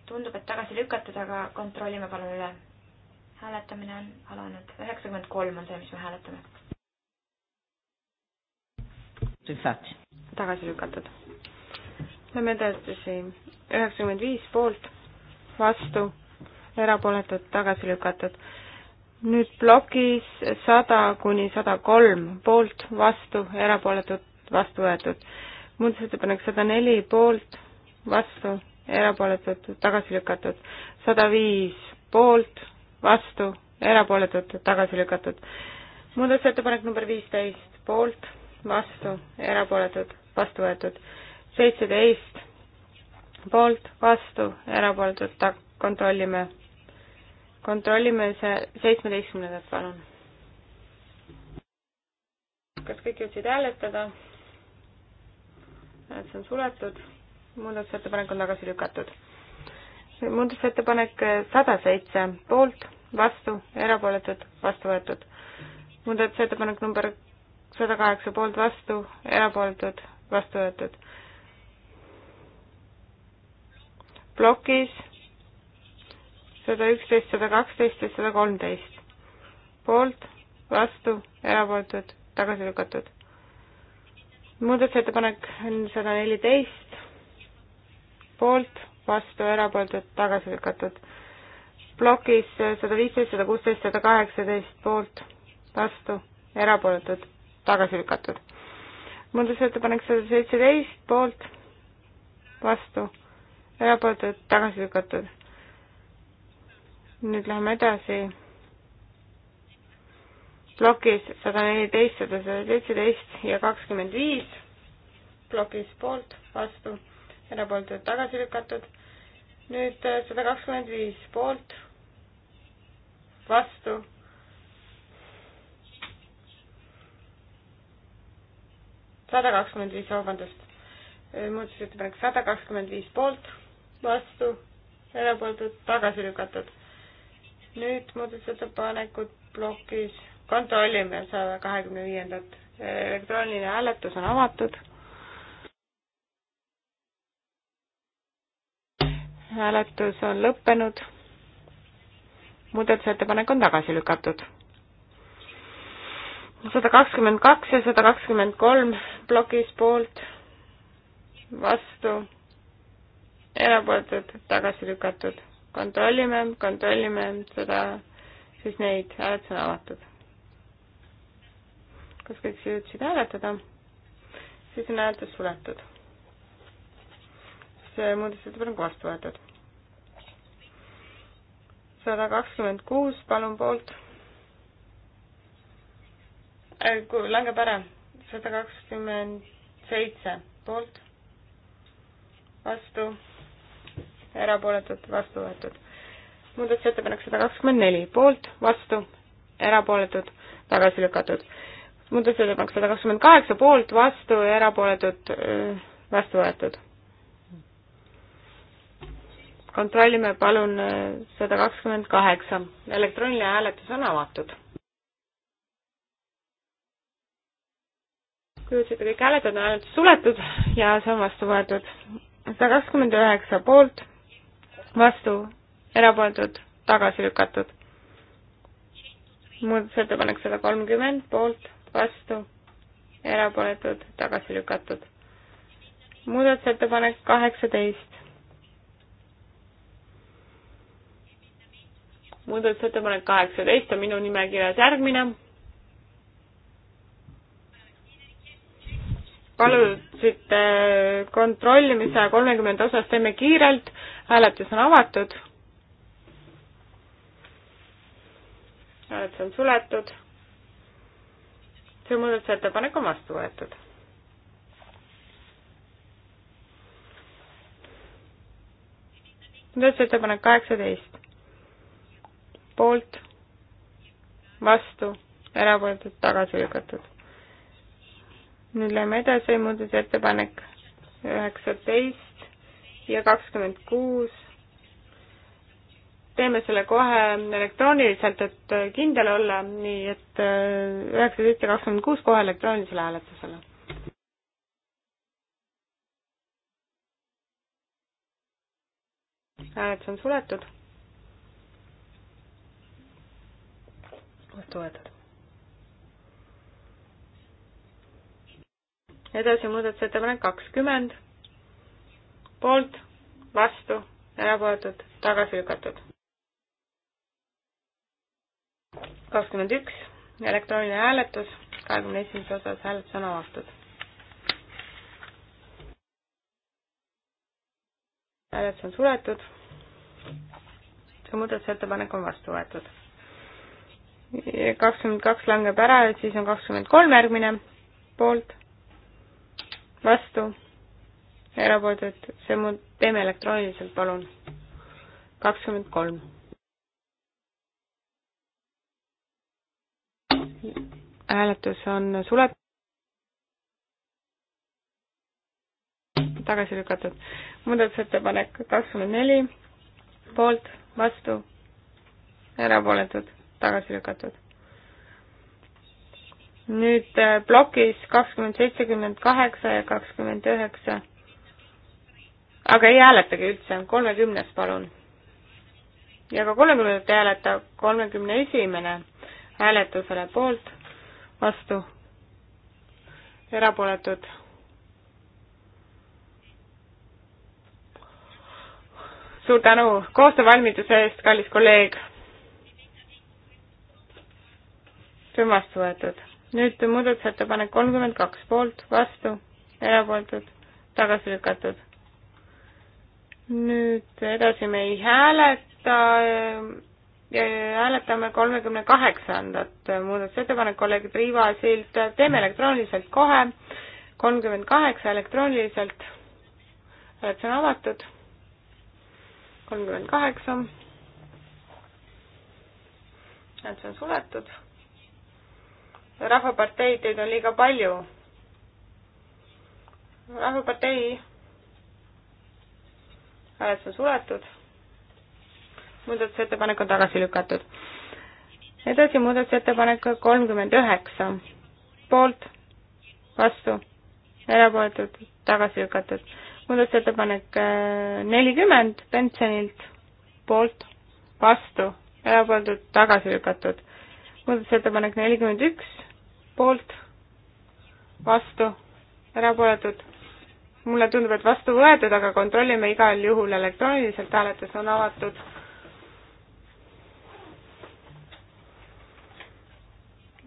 [SPEAKER 4] tundub, et tagasi lükatud, aga kontrollime palun üle. hääletamine on alanud, üheksakümmend kolm on see, mis me hääletame.
[SPEAKER 5] tagasi lükatud. Lähme edasi, üheksakümmend viis poolt, vastu erapooletud, tagasi lükatud. nüüd plokis sada kuni sada kolm poolt, vastu, erapooletud, vastu võetud. muudatusettepanek sada neli poolt, vastu, erapooletud, tagasi lükatud. sada viis poolt, vastu, erapooletud, tagasi lükatud. muudatusettepanek number viisteist poolt, vastu, erapooletud, vastu võetud. seitseteist poolt, vastu, erapooletud, kontrollime kontrollime see seitsmeteistkümnendat, palun. kas kõik jõudsid hääletada? näed, see on suletud, muudatusettepanek on tagasi lükatud. muudatusettepanek sada seitse, poolt, vastu, erapooletud, vastu võetud. muudatusettepanek number sada kaheksa, poolt, vastu, erapooletud, vastu võetud. plokis sada üksteist, sada kaksteist ja sada kolmteist. poolt, vastu, erapooletud, tagasi lükatud. muudatusettepanek on sada neliteist, poolt, vastu, erapooletud, tagasi lükatud. plokis sada viisteist, sada kuusteist, sada kaheksateist, poolt, vastu, erapooletud, tagasi lükatud. muudatusettepanek sada seitseteist, poolt, vastu, erapooletud, tagasi lükatud nüüd läheme edasi. plokis sada neliteist, sada seitseteist ja kakskümmend viis. plokis poolt, vastu, erapooletud, tagasi lükatud. nüüd äh, sada kakskümmend viis poolt, vastu. sada kakskümmend viis, vabandust. Äh, muudatusettepanek sada kakskümmend viis poolt, vastu, erapooletud, tagasi lükatud nüüd muudatusettepanekud plokis, kontrollime saja kahekümne viiendat. elektrooniline hääletus on avatud. hääletus on lõppenud. muudatusettepanek on tagasi lükatud. sada kakskümmend kaks ja sada kakskümmend kolm plokis poolt, vastu, erapooletud, tagasi lükatud kontrollime, kontrollime seda, siis neid hääletusi on avatud. kas kõik jõudsid hääletada? siis on hääletus suletud. see muudatusettepanek vastu võetud. sada kakskümmend kuus, palun poolt äh,. langeb ära, sada kakskümmend seitse poolt, vastu erapooletud, vastu võetud. muudatusettepanek sada kakskümmend neli, poolt, vastu, erapooletud, tagasi lükatud. muudatusettepanek sada kakskümmend kaheksa, poolt, vastu, erapooletud, vastu võetud. kontrollime palun eh, sada kakskümmend kaheksa, elektrooniline hääletus on avatud kujutasite kõik hääletajad on ainult suletud ja see on vastu võetud. sada kakskümmend üheksa poolt, vastu, erapooletud, tagasi lükatud. muudatusettepanek sada kolmkümmend, poolt, vastu, erapooletud, tagasi lükatud. muudatusettepanek kaheksateist. muudatusettepanek kaheksateist on minu nimekirjas järgmine. palusite kontrollimise kolmekümnenda osas, teeme kiirelt hääletus on avatud. hääletus on suletud. see muudatusettepanek on vastu võetud. muudatusettepanek kaheksateist. poolt, vastu, erapooletud, tagasi lükatud. nüüd läheme edasi, muudatusettepanek üheksateist ja kakskümmend kuus. teeme selle kohe elektrooniliselt, et äh, kindel olla, nii et äh, üheksateist ja kakskümmend kuus kohe elektroonilisele hääletusele. hääletus on suletud. vastu võetud. edasi muudatusettepanek kakskümmend poolt, vastu, erapooletud, tagasi lükatud. kakskümmend üks, elektrooniline hääletus, kahekümne esimeses osas hääletus on avatud. hääletus on suletud. see muudatusettepanek on vastu võetud. kakskümmend kaks langeb ära, et siis on kakskümmend kolm järgmine poolt, vastu erapooletud, see mu, teeme elektrooniliselt, palun. kakskümmend kolm. hääletus on suletud. tagasi lükatud. muudatusettepanek kakskümmend neli, poolt, vastu, erapooletud, tagasi lükatud. nüüd äh, plokis kakskümmend, seitsekümmend kaheksa ja kakskümmend üheksa aga ei hääletage üldse, kolmekümnes palun. ja ka kolmekümnendat ei hääleta, kolmekümne esimene hääletusele poolt, vastu, erapooletud. suur tänu koostöövalmiduse eest, kallis kolleeg. tõmmast võetud. nüüd muudatusettepanek kolmkümmend kaks poolt, vastu, erapooletud, tagasi lükatud
[SPEAKER 3] nüüd
[SPEAKER 5] edasi me ei hääleta, äh, hääletame kolmekümne kaheksandat muudatusettepanek kolleeg Rivasilt, teeme elektrooniliselt kohe, kolmkümmend kaheksa elektrooniliselt, hääletus on avatud, kolmkümmend kaheksa, hääletus on suletud, rahvaparteid, teid on liiga palju, rahvapartei hääletus on suletud. muudatusettepanek on tagasi lükatud. edasi muudatusettepanek kolmkümmend üheksa, poolt, vastu, erapooletud, tagasi lükatud. muudatusettepanek äh, nelikümmend Bensonilt, poolt, vastu, erapooletud, tagasi lükatud. muudatusettepanek nelikümmend üks, poolt, vastu, erapooletud, mulle tundub, et vastu võetud, aga kontrollime igal juhul elektrooniliselt, hääletus on avatud.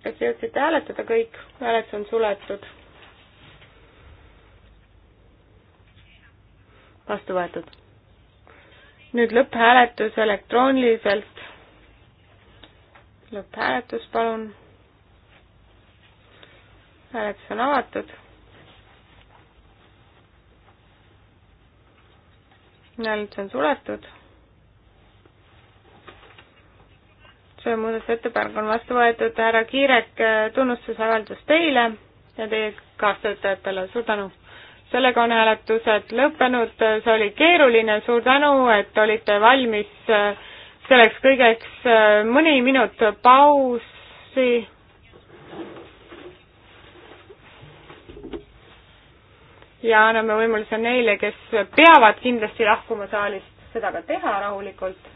[SPEAKER 5] kas jõudsite hääletada kõik? hääletus on suletud. vastu võetud. nüüd lõpphääletus elektrooniliselt. lõpphääletus, palun. hääletus on avatud hääletus on suletud. see muudatusettepanek on vastu võetud, härra Kiirek, tunnustusavaldus teile ja teie kaastöötajatele, suur tänu! sellega on hääletused lõppenud, see oli keeruline, suur tänu, et olite valmis selleks kõigeks mõni minut pausi ja anname võimaluse neile, kes peavad kindlasti lahkuma saalist, seda ka teha rahulikult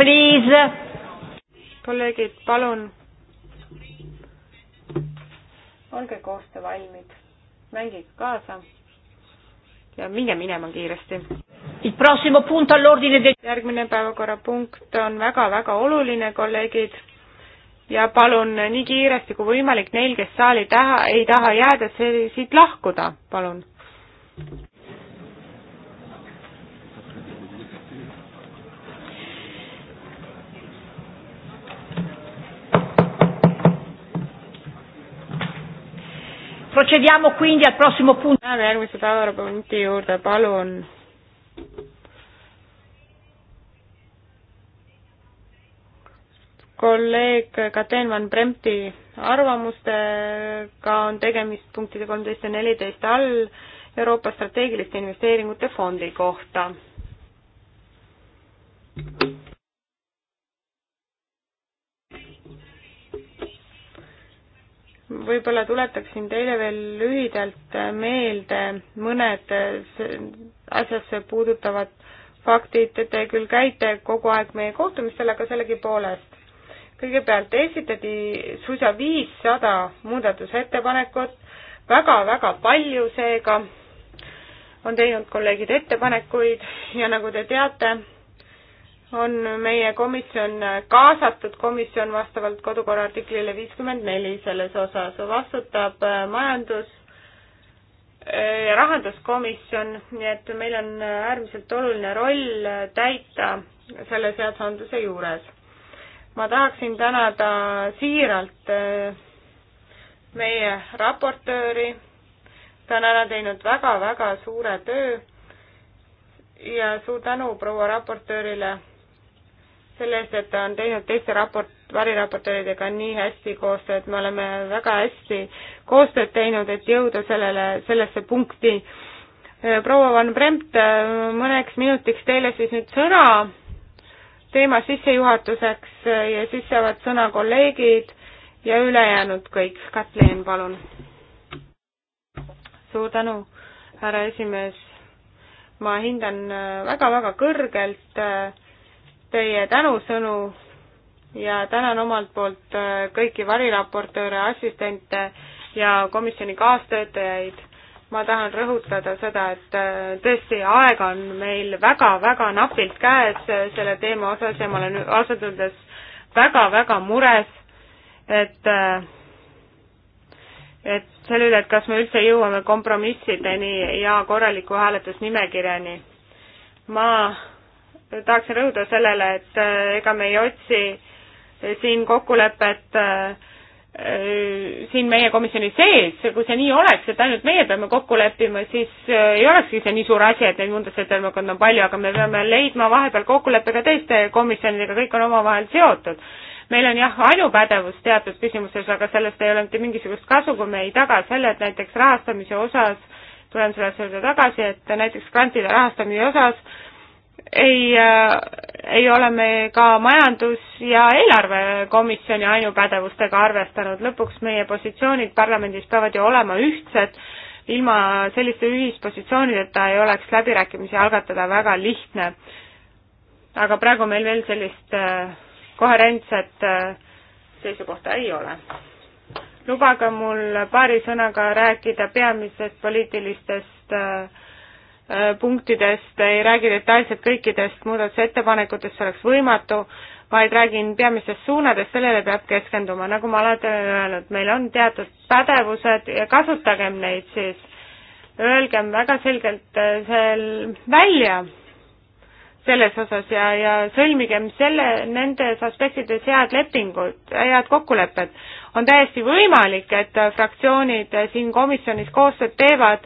[SPEAKER 5] please. kolleegid, palun. olge koostöövalmid, mängige kaasa
[SPEAKER 2] ja minge minema kiiresti.
[SPEAKER 5] järgmine päevakorrapunkt on väga-väga oluline, kolleegid, ja palun nii kiiresti kui võimalik neil, kes saali taha, ei taha jääda, siit lahkuda, palun.
[SPEAKER 2] Procediamo quindi al
[SPEAKER 5] prossimo punto. Läheme järgmise päevakorrapunkti juurde, palun. kolleeg Katen van Bremti arvamustega on tegemist punktide kolmteist ja neliteist all Euroopa strateegiliste investeeringute fondi kohta. võib-olla tuletaksin teile veel lühidalt meelde mõned asjasse puudutavad faktid, te küll käite kogu aeg meie kohtumistel, aga sellegipoolest. kõigepealt esitati suisa viissada muudatusettepanekut väga,, väga-väga palju seega on teinud kolleegid ettepanekuid ja nagu te teate, on meie komisjon kaasatud, komisjon vastavalt kodukorra artiklile viiskümmend neli selles osas vastutab äh, majandus- äh, ja rahanduskomisjon, nii et meil on äärmiselt oluline roll äh, täita selle seadusandluse juures. ma tahaksin tänada siiralt meie raportööri, ta on ära teinud väga-väga suure töö ja suur tänu proua raportöörile selle eest, et ta on teinud teiste raport, variraportööridega nii hästi koostööd, me oleme väga hästi koostööd teinud, et jõuda sellele, sellesse punkti. Äh, proua Van Brempt, äh, mõneks minutiks teile siis nüüd sõna teema sissejuhatuseks äh, ja siis saavad sõna kolleegid ja ülejäänud kõik. Katleen, palun. suur tänu, härra esimees. ma hindan väga-väga kõrgelt äh, teie tänusõnu ja tänan omalt poolt äh, kõiki variraportööre, assistente ja komisjoni kaastöötajaid. ma tahan rõhutada seda, et äh, tõesti, aega on meil väga-väga napilt käes äh, selle teema osas ja ma olen ausalt öeldes väga-väga mures, et et selle üle, et kas me üldse jõuame kompromissideni ja korraliku hääletusnimekirjani. ma tahaksin rõhuda sellele, et äh, ega me ei otsi äh, siin kokkulepet äh, siin meie komisjoni sees, kui see nii oleks, et ainult meie peame kokku leppima, siis ei olekski see nii suur asi, et neid muudatusettepanekuid on palju, aga me peame leidma vahepeal kokkuleppe ka teiste komisjonidega, kõik on omavahel seotud. meil on jah, ainupädevus teatud küsimustes, aga sellest ei ole mitte mingisugust kasu, kui me ei taga selle, et näiteks rahastamise osas, tulen selle juurde tagasi, et näiteks grantide rahastamise osas ei, äh, ei ole me ka majandus- ja eelarvekomisjoni ainupädevustega arvestanud, lõpuks meie positsioonid parlamendis peavad ju olema ühtsed, ilma selliste ühispositsioonideta ei oleks läbirääkimisi algatada väga lihtne. aga praegu meil veel sellist äh, koherentset äh,
[SPEAKER 2] seisukohta ei ole.
[SPEAKER 5] lubage mul paari sõnaga rääkida peamistest poliitilistest äh, punktidest, ei räägi detailselt kõikidest muudatusettepanekutest, see oleks võimatu, vaid räägin peamistest suunadest, sellele peab keskenduma, nagu ma alati olen öelnud, meil on teatud pädevused ja kasutagem neid siis. Öelgem väga selgelt äh, seal välja selles osas ja, ja sõlmigem selle, nendes aspektides head lepingud, head kokkulepped. on täiesti võimalik, et fraktsioonid siin komisjonis koostööd teevad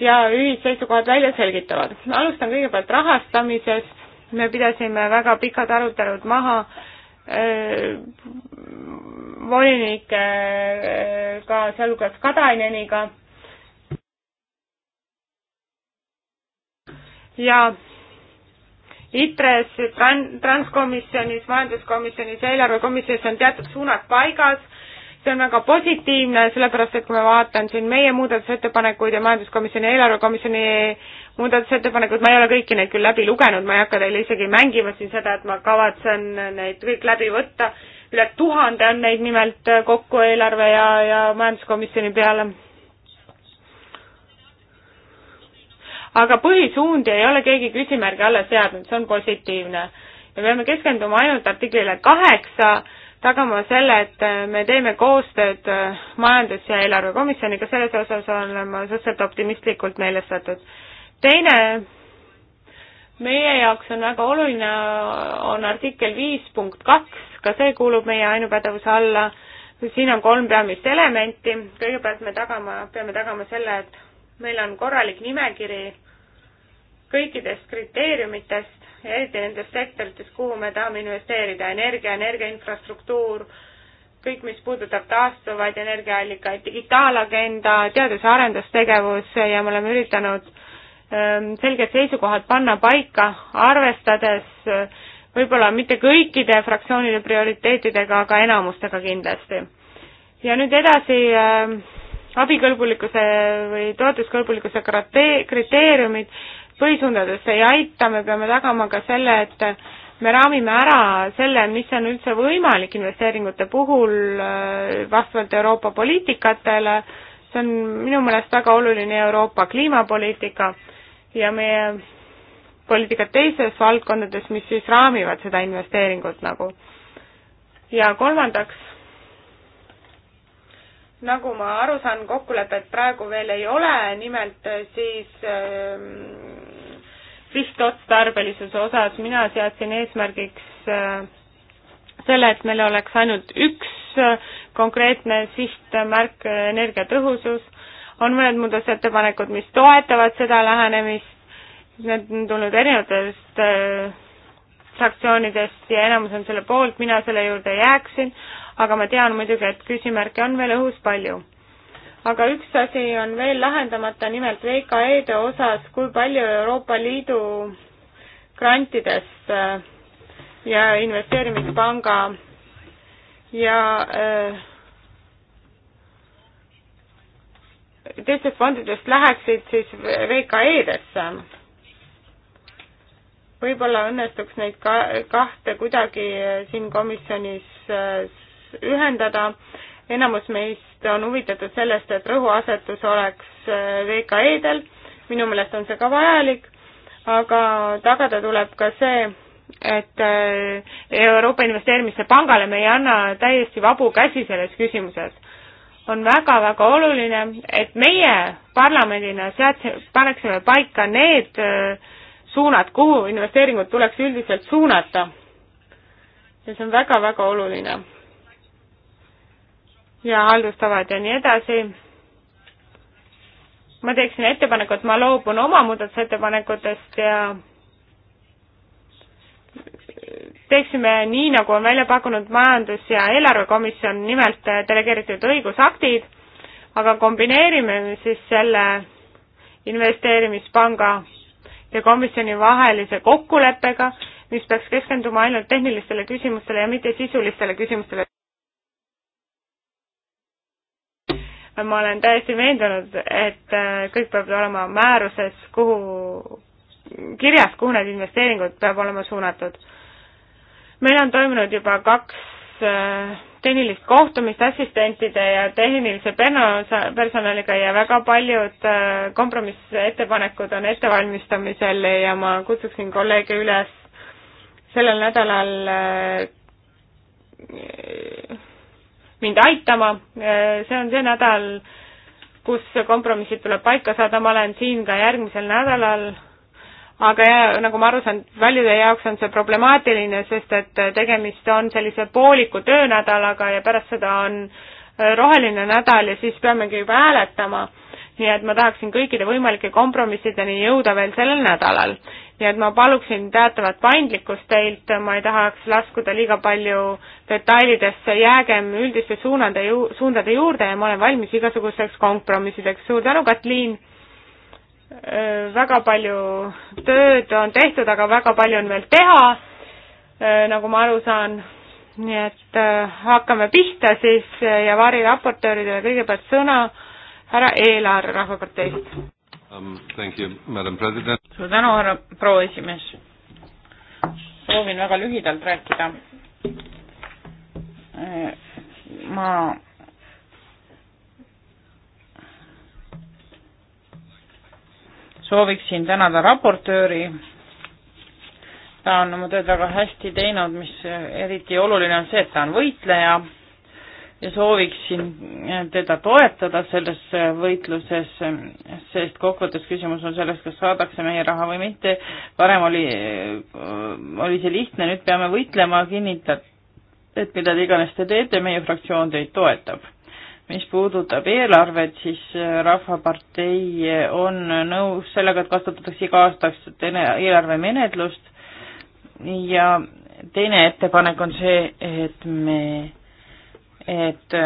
[SPEAKER 5] ja ühisseisukohad välja selgitavad. alustan kõigepealt rahastamisest, me pidasime väga pikad arutelud maha äh, volinikega äh,, sealhulgas Kadaineniga ja ITRES, tran-, transkomisjonis, majanduskomisjonis ja eelarvekomisjonis on teatud suunad paigas see on väga positiivne, sellepärast et kui ma vaatan siin meie muudatusettepanekuid ja Majanduskomisjoni ja eelarvekomisjoni muudatusettepanekud, ma ei ole kõiki neid küll läbi lugenud, ma ei hakka teile isegi mängima siin seda, et ma kavatsen neid kõik läbi võtta, üle tuhande on neid nimelt kokku eelarve ja, ja majanduskomisjoni peale. aga põhisuundi ei ole keegi küsimärgi alla seadnud, see on positiivne. me peame keskenduma ainult artiklile kaheksa, tagama selle, et äh, me teeme koostööd äh, majandus- ja eelarvekomisjoniga, selles osas olen ma suhteliselt optimistlikult meelestatud. teine meie jaoks on väga oluline, on artikkel viis punkt kaks, ka see kuulub meie ainupädevuse alla, siin on kolm peamist elementi, kõigepealt me tagama, peame tagama selle, et meil on korralik nimekiri kõikidest kriteeriumitest, eriti nendes sektorites, kuhu me tahame investeerida, energia, energiainfrastruktuur, kõik, mis puudutab taastuvaid energiaallikaid, digitaalagenda, teadus- ja arendustegevus ja me oleme üritanud ähm, selged seisukohad panna paika, arvestades äh, võib-olla mitte kõikide fraktsioonide prioriteetidega, aga enamustega kindlasti. ja nüüd edasi ähm, abikõlbulikkuse või toetuskõlbulikkuse kriteeriumid, põhisuundades ei aita, me peame tagama ka selle, et me raamime ära selle, mis on üldse võimalik investeeringute puhul äh, vastavalt Euroopa poliitikatele, see on minu meelest väga oluline Euroopa kliimapoliitika ja meie poliitikad teistes valdkondades, mis siis raamivad seda investeeringut nagu. ja kolmandaks, nagu ma aru saan, kokkulepet praegu veel ei ole, nimelt siis ähm, sihtotstarbelisuse osas mina seadsin eesmärgiks äh, selle, et meil oleks ainult üks äh, konkreetne sihtmärk, äh, energiatõhusus, on mõned muudatusettepanekud, mis toetavad seda lähenemist, need on tulnud erinevatest fraktsioonidest ja enamus on selle poolt, mina selle juurde jääksin, aga ma tean muidugi, et küsimärke on veel õhus palju aga üks asi on veel lahendamata, nimelt VKE-de osas, kui palju Euroopa Liidu grantidest äh, ja investeerimispanga ja äh, teistest fondidest läheksid siis VKE-desse. võib-olla õnnestuks neid ka, kahte kuidagi äh, siin komisjonis ühendada enamus meist on huvitatud sellest, et rõhuasetus oleks äh, VKE-del, minu meelest on see ka vajalik, aga tagada tuleb ka see, et äh, Euroopa Investeerimise Pangale me ei anna täiesti vabu käsi selles küsimuses. on väga-väga oluline, et meie parlamendina sead-, paneksime paika need äh, suunad, kuhu investeeringud tuleks üldiselt suunata. ja see on väga-väga oluline ja haldustavad ja nii edasi. ma teeksin ettepaneku, et ma loobun oma muudatusettepanekutest ja teeksime nii, nagu on välja pakkunud Majandus- ja Eelarvekomisjon, nimelt delegeeritud õigusaktid, aga kombineerime siis selle investeerimispanga ja komisjoni vahelise kokkuleppega, mis peaks keskenduma ainult tehnilistele küsimustele ja mitte sisulistele küsimustele. ma olen täiesti veendunud, et äh, kõik peab olema määruses, kuhu, kirjas, kuhu need investeeringud peab olema suunatud. meil on toimunud juba kaks äh, tehnilist kohtumist assistentide ja tehnilise personaliga ja väga paljud äh, kompromissettepanekud on ettevalmistamisel ja ma kutsuksin kolleege üles sellel nädalal mind aitama. see on see nädal, kus kompromissid tuleb paika saada, ma olen siin ka järgmisel nädalal. aga ja, nagu ma aru saan, paljude jaoks on see problemaatiline, sest et tegemist on sellise pooliku töönädalaga ja pärast seda on roheline nädal ja siis peamegi juba hääletama nii et ma tahaksin kõikide võimalike kompromissideni jõuda veel sellel nädalal. nii et ma paluksin teatavat paindlikkust teilt, ma ei tahaks laskuda liiga palju detailidesse, jäägem üldiste suunade ju-, suundade juurde ja ma olen valmis igasugusteks kompromissideks, suur tänu, Katliin! väga palju tööd on tehtud, aga väga palju on veel teha, nagu ma aru saan nii et äh, hakkame pihta siis ja variraportööridele kõigepealt sõna härra Eelar Rahvaparteist
[SPEAKER 3] um,. suur
[SPEAKER 1] tänu, härra proua esimees. soovin väga lühidalt rääkida. Äh, ma sooviksin tänada raportööri. ta on oma tööd väga hästi teinud, mis eriti oluline on see, et ta on võitleja ja sooviksin eh, teda toetada selles eh, võitluses, eh, sest kokkuvõttes küsimus on selles, kas saadakse meie raha või mitte. varem oli, oli see lihtne, nüüd peame võitlema, kinnitan, et mida te iganes te teete, meie fraktsioon teid toetab. mis puudutab eelarvet, siis Rahvapartei on nõus sellega, et kasutatakse iga aastaks eelarvemenetlust ja teine ettepanek on see, et me et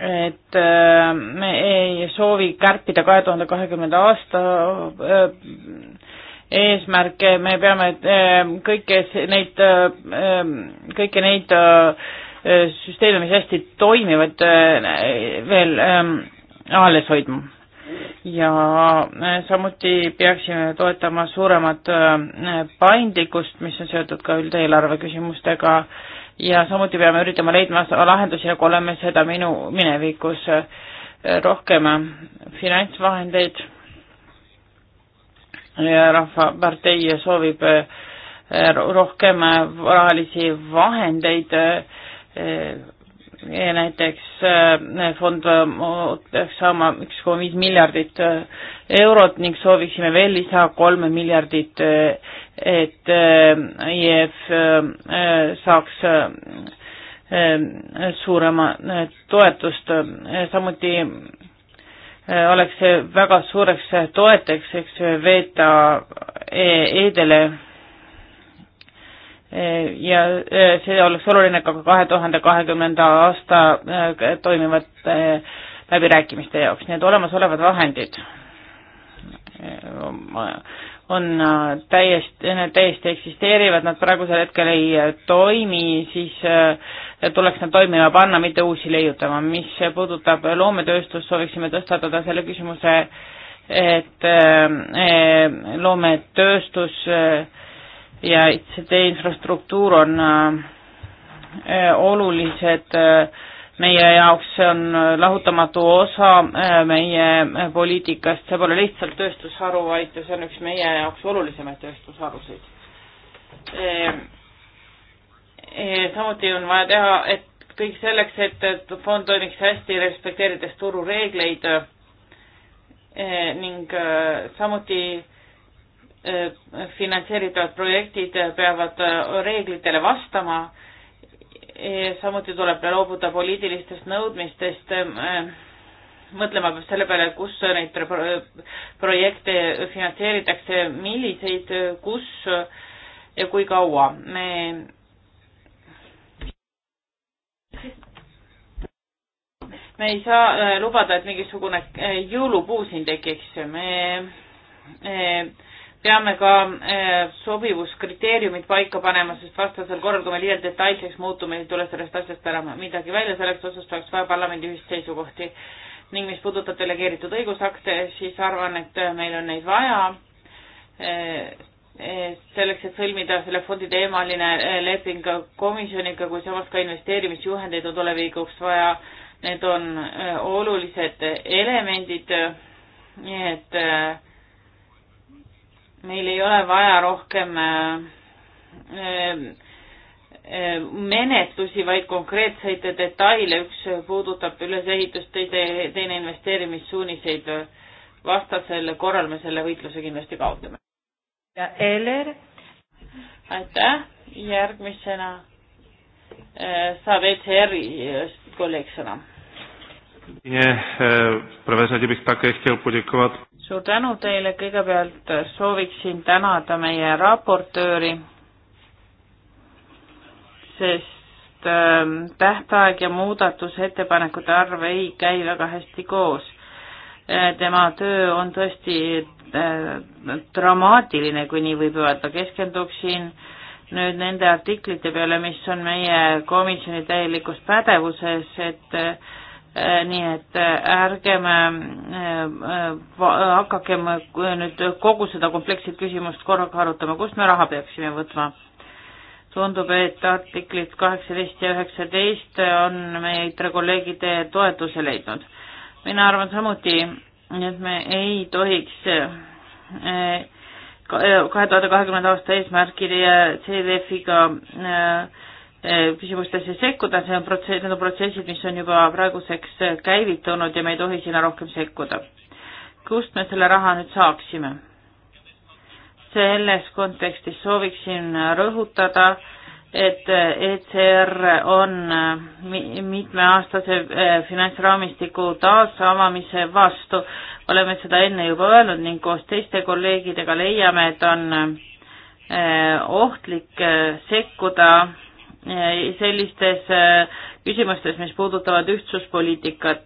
[SPEAKER 1] et äh, me ei soovi kärpida kahe tuhande kahekümnenda aasta äh, eesmärke, me peame äh, kõike neid, kõiki neid süsteeme, mis hästi toimivad, veel alles hoidma. ja samuti peaksime toetama suuremat paindlikkust, mis on seotud ka üldeelarve küsimustega ja samuti peame üritama leidma lahendusi, nagu oleme seda minu minevikus äh, rohkem äh, finantsvahendeid ja Rahvapartei soovib äh, rohkem rahalisi vahendeid näiteks äh, fond äh, peaks saama üks koma viis miljardit äh, eurot ning sooviksime veel lisa kolme miljardit, et IEF saaks suurema toetust, samuti oleks see väga suureks toeteks, eks, VTA e-dele e ja eh, see oleks oluline ka kahe tuhande kahekümnenda aasta eh, toimivate eh, läbirääkimiste jaoks, nii et olemasolevad vahendid on täiesti, täiesti eksisteerivad, nad praegusel hetkel ei toimi, siis tuleks nad toimima panna, mitte uusi leiutama. mis puudutab loometööstust, sooviksime tõstatada selle küsimuse, et loometööstus äh, ja ICT infrastruktuur on äh, äh, olulised äh, meie jaoks, see on lahutamatu osa meie poliitikast, see pole lihtsalt tööstusharu, vaid see on üks meie jaoks olulisemaid tööstusharusid. samuti on vaja teha, et kõik selleks, et, et fond toimiks hästi, respekteerides turureegleid ning samuti finantseeritavad projektid peavad äh, reeglitele vastama. E, samuti tuleb loobuda poliitilistest nõudmistest, äh, mõtlema peab selle peale, kus neid projekte finantseeritakse, milliseid, kus ja kui kaua. me me ei saa äh, lubada, et mingisugune jõulupuu siin tekiks, me, me peame ka eh, sobivuskriteeriumid paika panema, sest vastasel korral, kui me liialt detailseks muutume, ei tule sellest asjast enam midagi välja, selleks osas oleks vaja parlamendi ühist seisukohti. ning mis puudutab delegeeritud õigusakte, siis arvan, et eh, meil on neid vaja. Eh, selleks, et sõlmida selle fondi teemaline leping komisjoniga, kui samas ka investeerimisjuhendeid on tulevikuks vaja, need on olulised elemendid, nii et äh, meil ei ole vaja rohkem äh, äh, menetlusi, vaid konkreetseid detaile, üks puudutab ülesehitust, teise, teine investeerimissuuniseid. vastasel korral me selle võitluse kindlasti kaotame. ja Eller? aitäh, järgmisena äh, saab ECR-ist kolleeg sõna.
[SPEAKER 3] Mě v prvé řadě bych také chtěl poděkovat
[SPEAKER 1] suur tänu teile, kõigepealt sooviksin tänada meie raportööri, sest ähm, tähtaeg ja muudatusettepanekute arv ei käi väga hästi koos. Äh, tema töö on tõesti äh, dramaatiline, kui nii võib öelda, keskenduksin nüüd nende artiklite peale, mis on meie komisjoni täielikus pädevuses, et äh, Äh, nii et äh, ärgem äh, hakakem nüüd kogu seda kompleksset küsimust korraga arutama, kust me raha peaksime võtma. tundub, et artiklid kaheksateist ja üheksateist on meie ITRE kolleegide toetuse leidnud. mina arvan samuti, et me ei tohiks kahe tuhande kahekümnenda aasta eesmärkide ja CDF-iga äh, Eh, küsimustesse sekkuda, see on protsess, need on protsessid, mis on juba praeguseks eh, käivitunud ja me ei tohi sinna rohkem sekkuda. kust me selle raha nüüd saaksime? selles kontekstis sooviksin rõhutada, et ECR eh, e on mitmeaastase finantsraamistiku taasavamise vastu, oleme seda enne juba öelnud ning koos teiste kolleegidega leiame, et on ohtlik sekkuda Eh, sellistes eh, küsimustes, mis puudutavad ühtsuspoliitikat,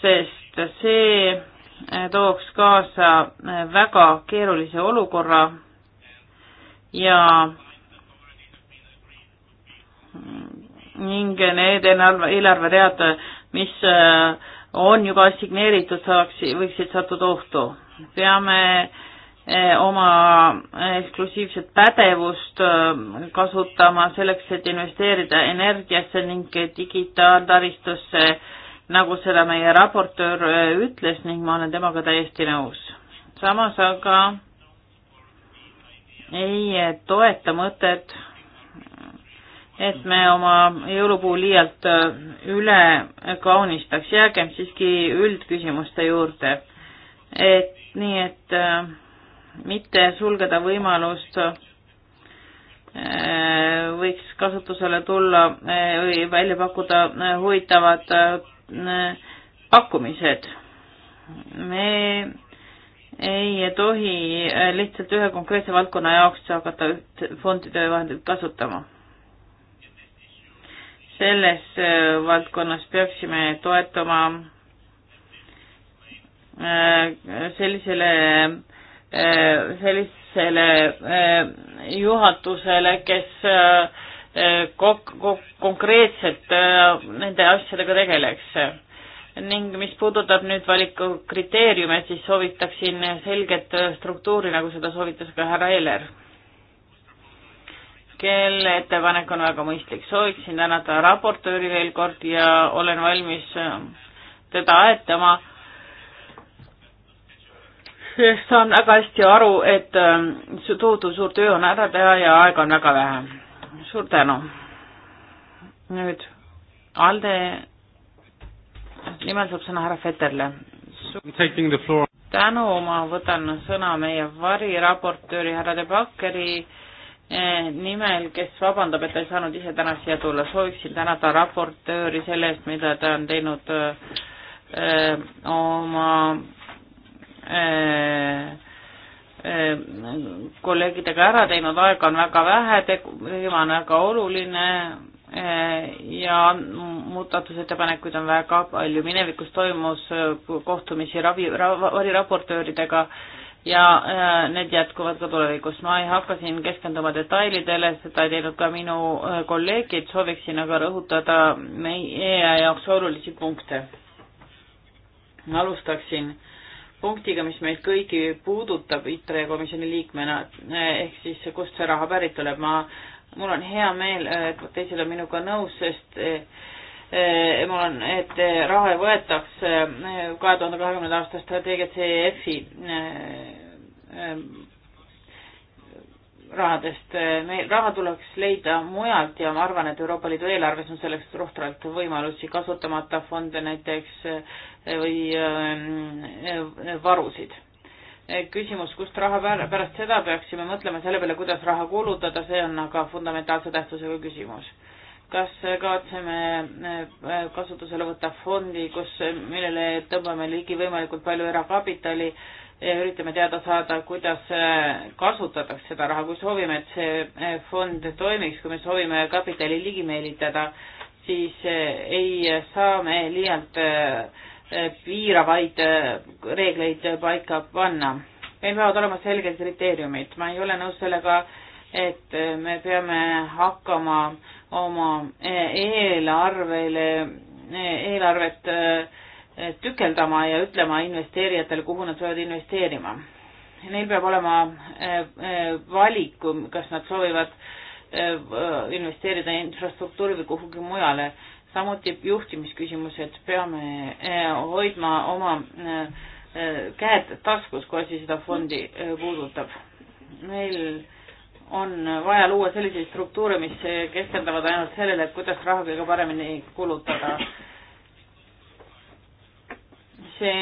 [SPEAKER 1] sest see eh, tooks kaasa väga keerulise olukorra ja ning need eelarveread, mis on juba assigneeritud, saaks, võiksid sattuda ohtu. peame äh, Eh, oma eksklusiivset pädevust eh, kasutama selleks, et investeerida energiasse ning digitaaltaristusse, nagu seda meie raportöör eh, ütles ning ma olen temaga täiesti nõus. samas aga ei toeta mõtet, et me oma jõulupuu liialt üle kaunistaks, jäägem siiski üldküsimuste juurde. et nii, et äh, mitte sulgeda võimalust äh, võiks kasutusele tulla äh, või välja pakkuda äh, huvitavad pakkumised. me ei tohi lihtsalt ühe konkreetse valdkonna jaoks hakata fondide vahendeid kasutama. selles valdkonnas peaksime toetuma sellisele Äh, sellisele äh, juhatusele, kes äh, kok-, kok-, konkreetselt nende asjadega tegeleks. ning mis puudutab nüüd valikukriteeriume, siis soovitaksin selget struktuuri, nagu seda soovitas ka härra Eller, kelle ettepanek on väga mõistlik. sooviksin tänada raportööri veel kord ja olen valmis teda aetama saan väga hästi aru, et ähm, see tohutu suur töö on ära teha ja aega on väga vähe. suur tänu. nüüd Alde nimel saab sõna härra Fetterle. tänu, ma võtan sõna meie variraportööri härra De Bakkeri eh, nimel, kes vabandab, et ta ei saanud ise täna siia tulla, sooviksin tänada raportööri selle eest, mida ta on teinud öö, eh, oma Äh, äh, kolleegidega ära teinud, aega on väga vähe, teema on väga oluline äh, ja muudatusettepanekuid on väga palju. minevikus toimus kohtumisi ravi, variraportööridega ja need jätkuvad ka tulevikus. ma ei hakka siin keskenduma detailidele, seda ei teinud ka minu kolleegid, sooviksin aga rõhutada meie jaoks olulisi punkte. alustaksin punktiga, mis meid kõiki puudutab ITRE komisjoni liikmena, ehk siis kust see raha pärit tuleb, ma, mul on hea meel, et teised on minuga nõus, sest eh, mul on, et raha võetakse eh, kahe tuhande kahekümnenda aasta strateegia CEF-i eh, eh, rahadest, meil raha tuleks leida mujalt ja ma arvan, et Euroopa Liidu eelarves on selleks rohtralt võimalusi, kasutamata fonde näiteks eh, või ähm, varusid. küsimus, kust raha pärast seda peaksime mõtlema selle peale, kuidas raha kulutada, see on aga fundamentaalse tähtsusega küsimus. kas kavatseme äh, kasutusele võtta fondi, kus, millele tõmbame ligi võimalikult palju erakapitali, üritame teada saada, kuidas äh, kasutatakse seda raha, kui soovime, et see äh, fond toimiks, kui me soovime kapitali ligi meelitada, siis ei saa me liialt äh, piiravaid äh, reegleid paika panna. meil peavad olema selged kriteeriumid, ma ei ole nõus sellega, et äh, me peame hakkama oma äh, eelarvele, eelarvet tükeldama ja ütlema investeerijatele, kuhu nad peavad investeerima. Neil peab olema valik, kas nad soovivad investeerida infrastruktuuri või kuhugi mujale samuti juhtimisküsimused, peame eh, hoidma oma eh, eh, käed taskus, kui asi seda fondi puudutab. meil on vaja luua selliseid struktuure, mis keskenduvad ainult sellele, et kuidas raha kõige paremini kulutada. see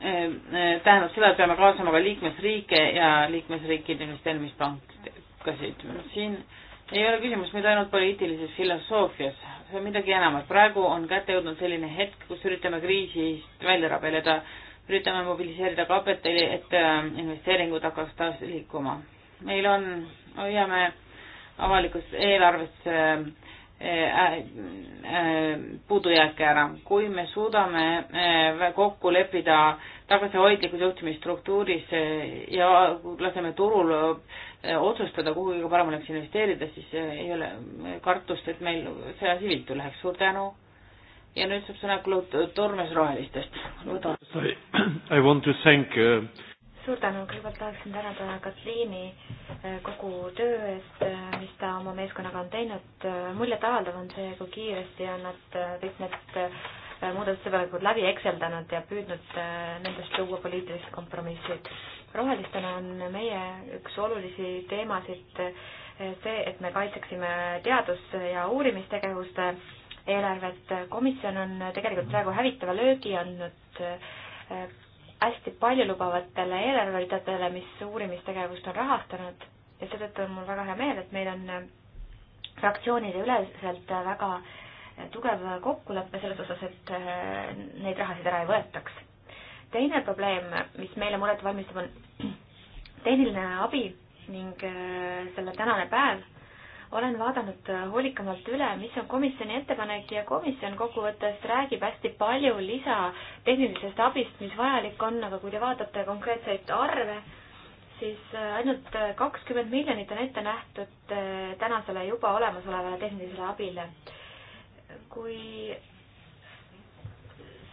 [SPEAKER 1] tähendab seda, et peame kaasama ka liikmesriike ja liikmesriikide investeerimispankasid. siin äh, ei ole küsimus mitte ainult poliitilises filosoofias, see on midagi enamat. praegu on kätte jõudnud selline hetk, kus üritame kriisist välja rabeleda, üritame mobiliseerida kapitali, et äh, investeeringud hakkaks taas liikuma. meil on, hoiame avalikust eelarvest äh, äh, äh, puudujääke ära. kui me suudame äh, kokku leppida äh, tagasihoidlikus juhtimisstruktuuris eh, ja laseme turul eh, otsustada, kuhu kõige parem oleks investeerida, siis eh, ei ole kartust, et meil see asi viltu läheks. suur tänu. ja nüüd saab sõna Claude
[SPEAKER 4] Tormes Rohelistest.
[SPEAKER 3] [CLEARS THROAT] I want to thank uh...
[SPEAKER 4] suur tänu, kõigepealt tahaksin tänada Katliini kogu töö eest, mis ta oma meeskonnaga on teinud. muljetavaldav on see, kui kiiresti on nad kõik need muudatusettepanekud läbi ekseldanud ja püüdnud äh, nendest luua poliitilist kompromissi. rohelistena on meie üks olulisi teemasid äh, see, et me kaitseksime teadus- ja uurimistegevuste eelarvet. komisjon on tegelikult praegu hävitava löögi andnud äh, hästi paljulubavatele eelarveridadele, mis uurimistegevust on rahastanud ja seetõttu on mul väga hea meel, et meil on fraktsioonide üleselt väga äh, tugev kokkulepe selles osas, et eh, neid rahasid ära ei võetaks. teine probleem, mis meile muret valmistab, on [CLEARS THROAT] tehniline abi ning eh, selle tänane päev. olen vaadanud eh, hoolikamalt üle, mis on komisjoni ettepanek ja komisjon kokkuvõttes räägib hästi palju lisa tehnilisest abist, mis vajalik on, aga kui te vaatate konkreetseid arve, siis ainult kakskümmend miljonit on ette nähtud tänasele juba olemasolevale tehnilisele abile kui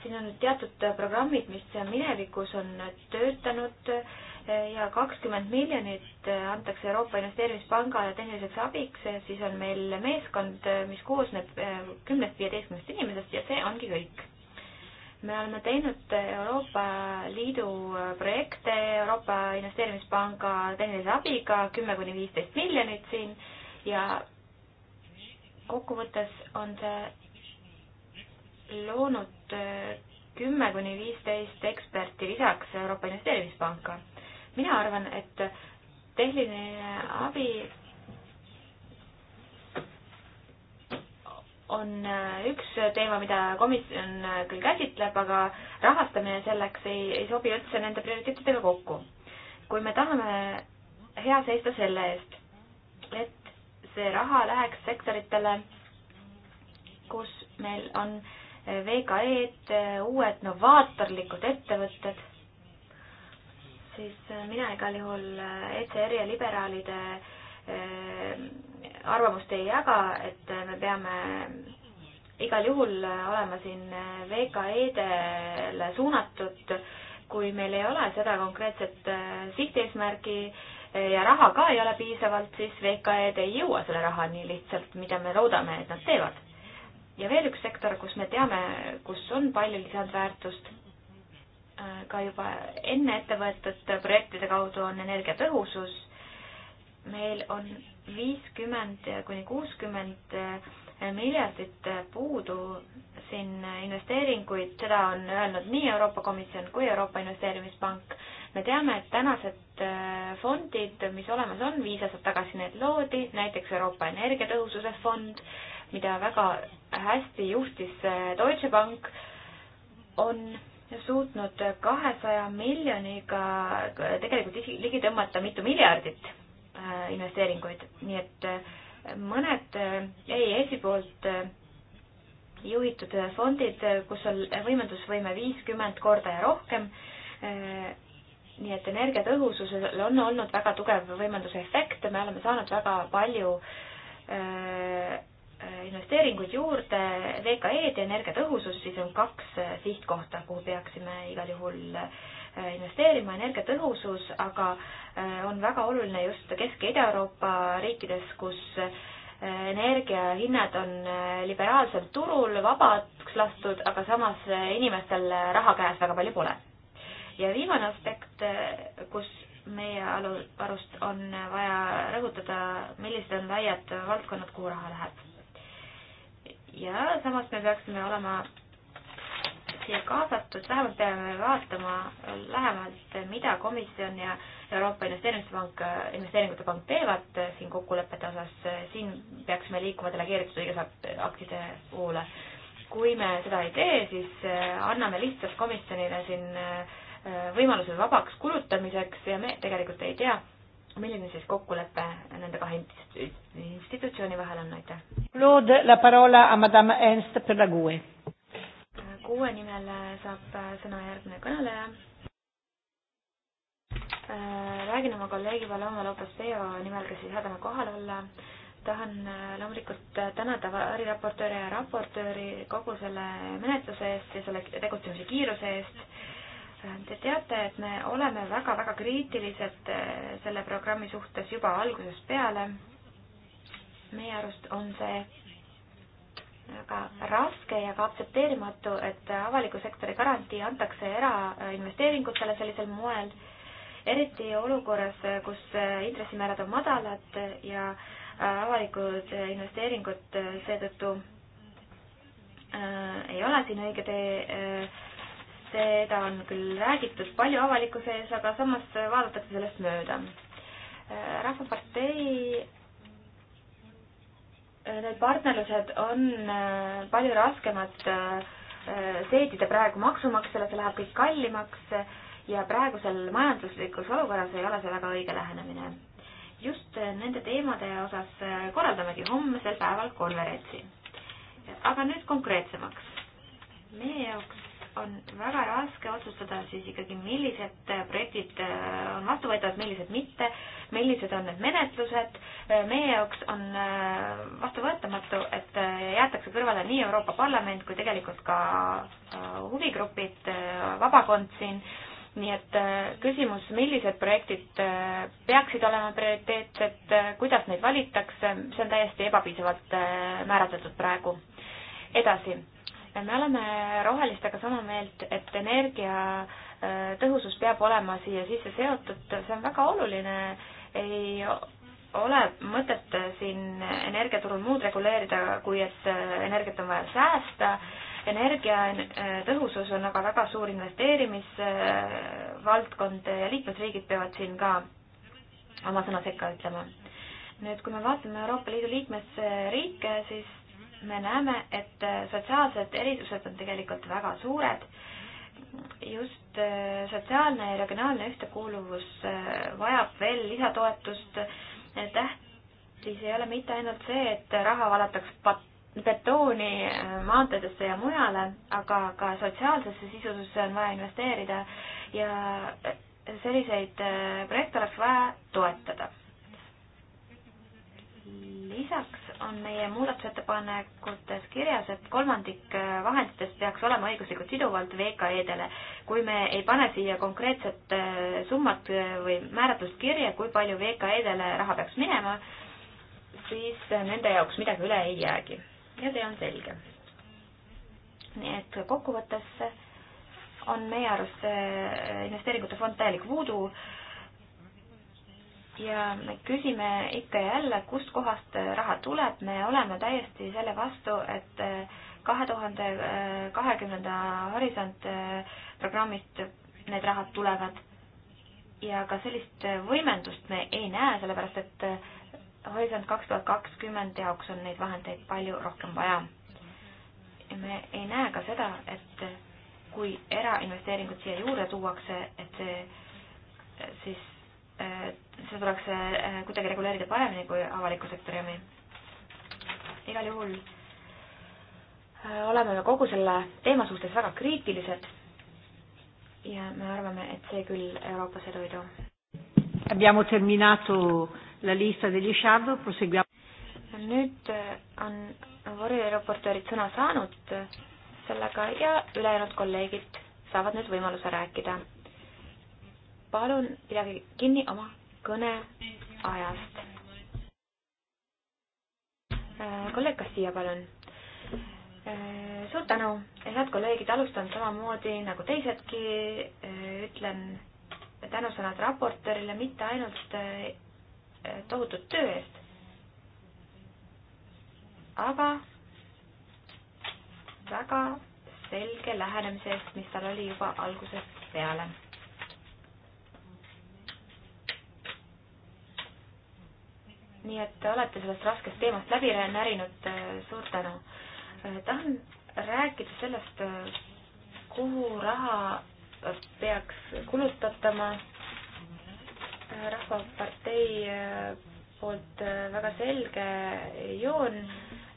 [SPEAKER 4] siin on teatud programmid, mis minevikus on töötanud ja kakskümmend miljonit antakse Euroopa Investeerimispangale tehniliseks abiks, siis on meil meeskond, mis koosneb eh, kümnest, viieteistkümnest inimesest ja see ongi kõik. me oleme teinud Euroopa Liidu projekte Euroopa Investeerimispanga tehnilise abiga, kümme kuni viisteist miljonit siin ja kokkuvõttes on see loonud eh, kümme kuni viisteist eksperti lisaks Euroopa Investeerimispanka. mina arvan, et tehniline abi on eh, üks teema, mida komisjon eh, küll käsitleb, aga rahastamine selleks ei, ei sobi üldse nende prioriteetidega kokku. kui me tahame hea seista selle eest, et see raha läheks sektoritele, kus meil on äh, VKE-d, uued novaatorlikud ettevõtted, siis äh, mina igal juhul äh, ECR-i ja liberaalide äh, arvamust ei jaga, et me peame igal juhul olema siin VKE-dele suunatud, kui meil ei ole seda konkreetset sihteesmärgi ja raha ka ei ole piisavalt, siis VKE-d ei jõua selle rahani lihtsalt, mida me loodame, et nad teevad ja veel üks sektor, kus me teame, kus on palju lisandväärtust, äh, ka juba enne ette võetud projektide kaudu on energiatõhusus. meil on viiskümmend kuni kuuskümmend äh, miljardit äh, puudu siin investeeringuid, seda on öelnud nii Euroopa Komisjon kui Euroopa Investeerimispank. me teame, et tänased fondid, mis olemas on, viis aastat tagasi need loodi, näiteks Euroopa Energiatõhususe Fond mida väga hästi juhtis eh, Deutsche Bank, on suutnud kahesaja miljoniga tegelikult ligi tõmmata mitu miljardit eh, investeeringuid, nii et eh, mõned EIS-i poolt juhitud fondid, kus on võimendusvõime viiskümmend korda ja rohkem, nii et energiatõhususel on olnud väga tugev võimenduse efekt, me oleme saanud väga palju Äh, investeeringuid juurde VKE-d ja energiatõhusus, siis on kaks äh, sihtkohta, kuhu peaksime igal juhul äh, investeerima, energiatõhusus, aga on väga oluline just Kesk- ja Ida-Euroopa riikides, kus energiahinnad on liberaalsel turul vabaks lastud, aga samas inimestel raha käes väga palju pole. ja viimane aspekt, kus meie alu-, arust on vaja rõhutada, millised on laiad valdkonnad, kuhu raha läheb ja samas me peaksime olema siia kaasatud, vähemalt peame vaatama lähemalt, mida komisjon ja Euroopa Investeerimispank, Investeeringute Pank teevad siin kokkulepete osas, siin peaksime liikuma delegeeritud õigusaktide poole. kui me seda ei tee, siis äh, anname lihtsalt komisjonile siin äh, võimaluse vabaks kulutamiseks ja me tegelikult ei tea, milline siis kokkulepe nende kahe institutsiooni vahel on, aitäh.
[SPEAKER 2] Claude, la parola a madame Ernst per la GUE.
[SPEAKER 4] GUE nimel saab sõna järgmine kõneleja. Äh, räägin oma kolleegi Paloma Lopez-Peo nimel, kes ei saa täna kohal olla tahan äh, loomulikult tänada variraportööri ja raportööri kogu selle menetluse eest ja selle tegutsemise kiiruse eest. Te teate, et me oleme väga-väga kriitilised eh, selle programmi suhtes juba algusest peale. meie arust on see väga raske ja ka aktsepteerimatu, et avaliku sektori garantii antakse erainvesteeringutele sellisel moel, eriti olukorras, kus intressimäärad on madalad ja avalikud investeeringud seetõttu äh, ei ole siin õige tee äh, seda on küll räägitud palju avalikkuse ees, aga samas vaadatakse sellest mööda. Äh, rahvapartei äh, need partnerlused on äh, palju raskemad seedida praegu maksumaksjale, see läheb kõik kallimaks ja praegusel majanduslikus olukorras ei ole see väga õige lähenemine. just nende teemade osas korraldamegi homsel päeval konverentsi. aga nüüd konkreetsemaks. meie jaoks on väga raske otsustada siis ikkagi, millised projektid äh, on vastuvõetavad, millised mitte, millised on need menetlused. Äh, meie jaoks on äh, vastuvõetamatu, et jäetakse kõrvale nii Euroopa Parlament kui tegelikult ka huvigrupid, vabakond siin. nii et küsimus, millised projektid peaksid olema prioriteetsed, kuidas neid valitakse, see on täiesti ebapiisavalt määratletud praegu. edasi me oleme rohelistega sama meelt, et energia äh, tõhusus peab olema siia sisse seotud, see on väga oluline, ei ole mõtet siin energiaturul muud reguleerida, kui et äh, energiat on vaja säästa, energia äh, tõhusus on aga väga suur investeerimisvaldkond ja liikmesriigid peavad siin ka oma sõna sekka ütlema. nüüd, kui me vaatame Euroopa Liidu liikmesriike, siis me näeme, et äh, sotsiaalsed erisused on tegelikult väga suured. just äh, sotsiaalne ja regionaalne ühtekuuluvus äh, vajab veel lisatoetust. tähtis ei ole mitte ainult see, et raha valatakse pat-, betooni maanteedesse ja mujale, aga ka sotsiaalsesse sisususse on vaja investeerida ja selliseid projekte oleks vaja toetada lisaks on meie muudatusettepanekutes kirjas, et kolmandik äh, vahenditest peaks olema õiguslikult siduvalt VKE-dele. kui me ei pane siia konkreetset äh, summat äh, või määratlust kirja, kui palju VKE-dele raha peaks minema, siis nende jaoks midagi üle ei jäägi ja see on selge. nii et kokkuvõttes on meie arust investeeringute fond täielik voodoo ja me küsime ikka ja jälle, kustkohast raha tuleb, me oleme täiesti selle vastu, et äh, kahe tuhande kahekümnenda Horisont äh, programmist need rahad tulevad. ja ka sellist äh, võimendust me ei näe, sellepärast et Horisont kaks tuhat kakskümmend jaoks on neid vahendeid palju rohkem vaja. me ei näe ka seda, et kui erainvesteeringud siia juurde tuuakse, et see siis seda tuleks eh, kuidagi reguleerida paremini kui avaliku sektori omi. igal juhul eh, oleme me kogu selle teema suhtes väga kriitilised ja me arvame, et see küll Euroopas edu ei too.
[SPEAKER 2] Abbiamo terminato la lista degli shadow, proseguiamo.
[SPEAKER 4] nüüd eh, on varjureportöörid sõna saanud sellega ja ülejäänud kolleegid saavad nüüd võimaluse rääkida palun pidage kinni oma kõne ajast. Äh, kolleeg Kassia, palun. Äh, suur tänu, head kolleegid, alustan samamoodi nagu teisedki, äh, ütlen tänusõnad raportöörile mitte ainult tohutut töö eest, aga väga selge lähenemise eest, mis tal oli juba algusest peale nii et olete sellest raskest teemast läbi närinud, äh, suur tänu. Äh, tahan rääkida sellest, äh, kuhu raha peaks kulutatama. rahvapartei poolt väga selge joon,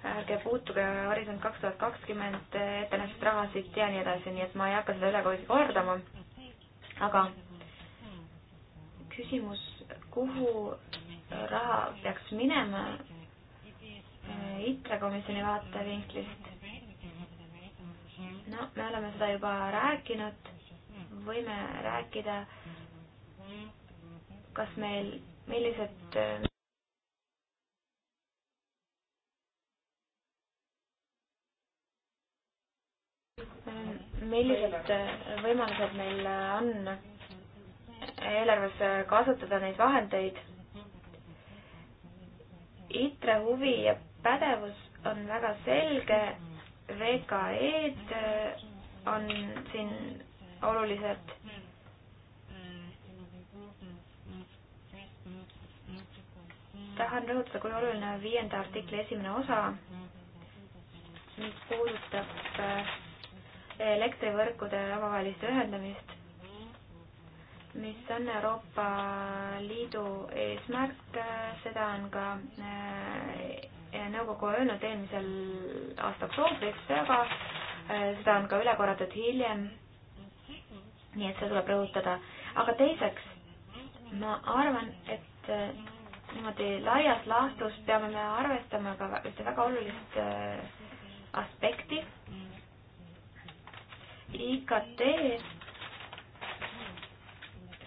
[SPEAKER 4] ärge puutuge Horisont kaks tuhat kakskümmend ettenähtud rahasid ja nii edasi, nii et ma ei hakka seda üle kordama. aga küsimus, kuhu raha peaks minema äh, ITRE komisjoni vaatevinklist. no me oleme seda juba rääkinud, võime rääkida, kas meil, millised äh, millised äh, võimalused meil on eelarves kasutada neid vahendeid ITRE huvi ja pädevus on väga selge, VKE-d äh, on siin olulised. tahan rõhutada, kui oluline on viienda artikli esimene osa, mis puudutab äh, elektrivõrkude omavahelist ühendamist mis on Euroopa Liidu eesmärk, seda on ka äh, nõukogu öelnud eelmisel aasta oktoobriks, aga äh, seda on ka üle korratud hiljem. nii et seda tuleb rõhutada. aga teiseks, ma arvan, et äh, niimoodi laias laastus peame me arvestama ka ühte väga olulist aspekti. IKT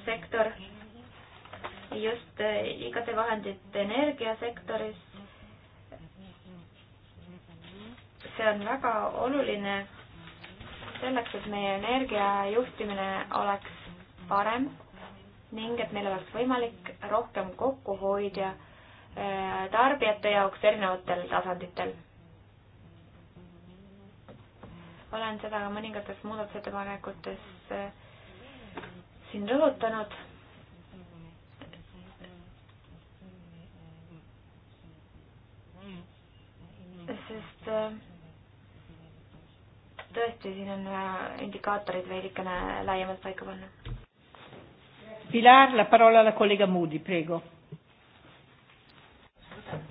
[SPEAKER 4] sektor, just eh, igate vahendite energiasektoris. see on väga oluline selleks, et meie energiajuhtimine oleks parem ning et meil oleks võimalik rohkem kokku hoida eh, tarbijate jaoks erinevatel tasanditel. olen seda mõningates muudatusettepanekutes eh, siin rõhutanud. sest äh, tõesti, siin on vaja äh, indikaatorid veidikene laiemalt paika panna.
[SPEAKER 2] Pilar, la parola alla collega Moody,
[SPEAKER 1] prego.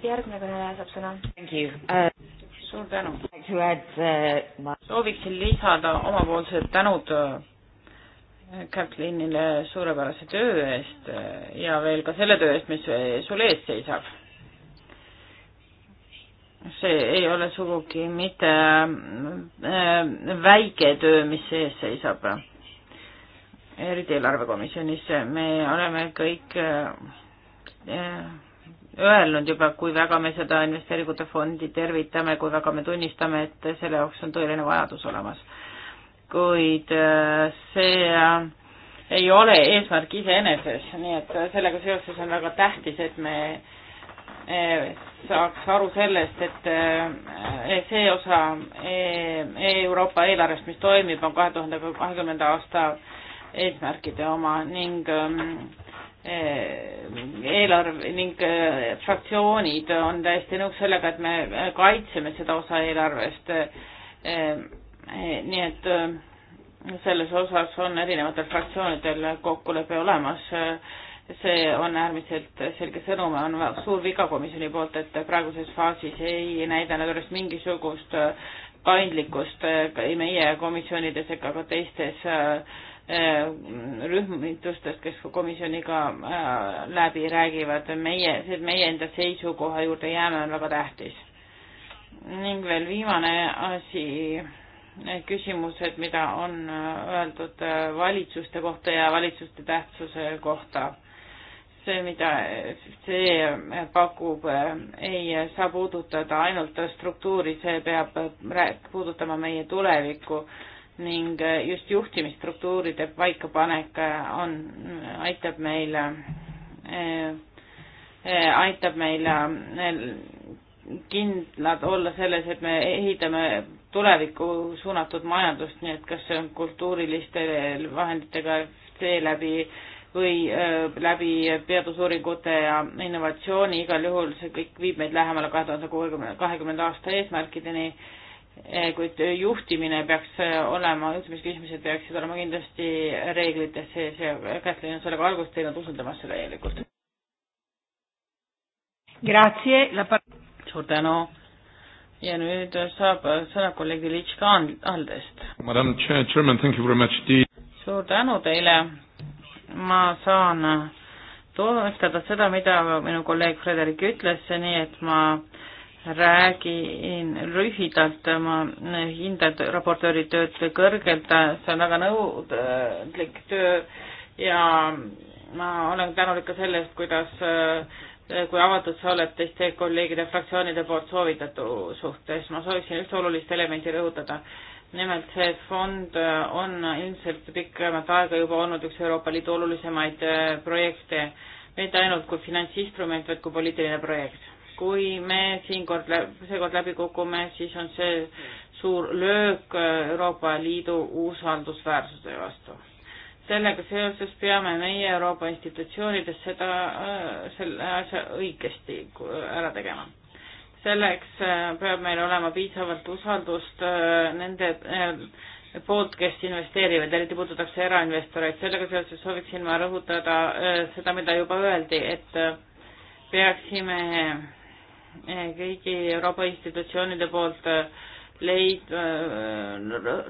[SPEAKER 4] järgmine kõneleja saab sõna. Thank you
[SPEAKER 1] uh suur tänu. Uh, sooviksin lisada omapoolsed tänud uh, Katlinile suurepärase töö eest äh, ja veel ka selle töö eest, mis sul ees seisab. see ei ole sugugi mitte äh, väike töö, mis ees seisab. eriti eelarvekomisjonis me oleme kõik äh, öelnud juba, kui väga me seda investeeringute fondi tervitame, kui väga me tunnistame, et selle jaoks on tõeline vajadus olemas kuid äh, see äh, ei ole eesmärk iseeneses, nii et äh, sellega seoses on väga tähtis, et me saaks aru sellest, et see osa Euroopa eelarvest, mis toimib, on kahe tuhande kahekümnenda aasta eesmärkide oma ning ähm, eelarve ning fraktsioonid on täiesti nõus sellega, et me kaitseme seda osa eelarvest Eh, nii et eh, selles osas on erinevatel fraktsioonidel kokkulepe olemas. Eh, see on äärmiselt selge sõnum, on suur viga komisjoni poolt, et praeguses faasis ei näida nad üles mingisugust paindlikkust ei meie komisjonides ega ka teistes rühmitustes, kes komisjoniga läbi räägivad, meie, see, et meie enda seisukoha juurde jääme, on väga tähtis. ning veel viimane asi küsimused, mida on äh, öeldud äh, valitsuste kohta ja valitsuste tähtsuse kohta. see, mida see äh, pakub, ei saa puudutada ainult struktuuri, see peab puudutama meie tulevikku ning just juhtimisstruktuuride paikapanek on, aitab meil, aitab meil kindlad olla selles, et me ehitame tulevikku suunatud majandust, nii et kas see on kultuuriliste vahenditega seeläbi või äh, läbi teadusuuringute ja innovatsiooni, igal juhul see kõik viib meid lähemale kahe tuhande kuuekümne, kahekümnenda aasta eesmärkideni, äh, kuid juhtimine peaks äh, olema, juhtimisküsimused peaksid olema kindlasti reeglites sees ja Kätlin on sellega algust teinud, usaldame seda täielikult. suur tänu ja nüüd saab sõna kolleeg Ilitška Aldest.
[SPEAKER 3] Madam Chairman, thank you very much.
[SPEAKER 1] suur tänu teile. ma saan toetada seda, mida minu kolleeg Frederik ütles, nii et ma räägin lühidalt, ma hindan raportööri tööd kõrgelt, see on väga nõudlik töö ja ma olen tänulik ka selle eest, kuidas äh, kui avatud sa oled teiste kolleegide fraktsioonide poolt soovitatu suhtes. ma sooviksin ühte olulist elementi rõhutada. nimelt see fond äh, on ilmselt pikemat aega juba olnud üks Euroopa Liidu olulisemaid äh, projekte, mitte ainult kui finantsinstrument, vaid kui poliitiline projekt. kui me siinkord, seekord läbi kukume, siis on see suur löök äh, Euroopa Liidu usaldusväärsuse vastu sellega seoses peame meie Euroopa institutsioonides seda, äh, selle asja õigesti ära tegema. selleks äh, peab meil olema piisavalt usaldust äh, nende poolt, kes investeerivad, eriti puudutab see erainvestoreid, sellega seoses sooviksin ma rõhutada seda, mida juba öeldi, et peaksime kõigi Euroopa institutsioonide poolt äh, leid-,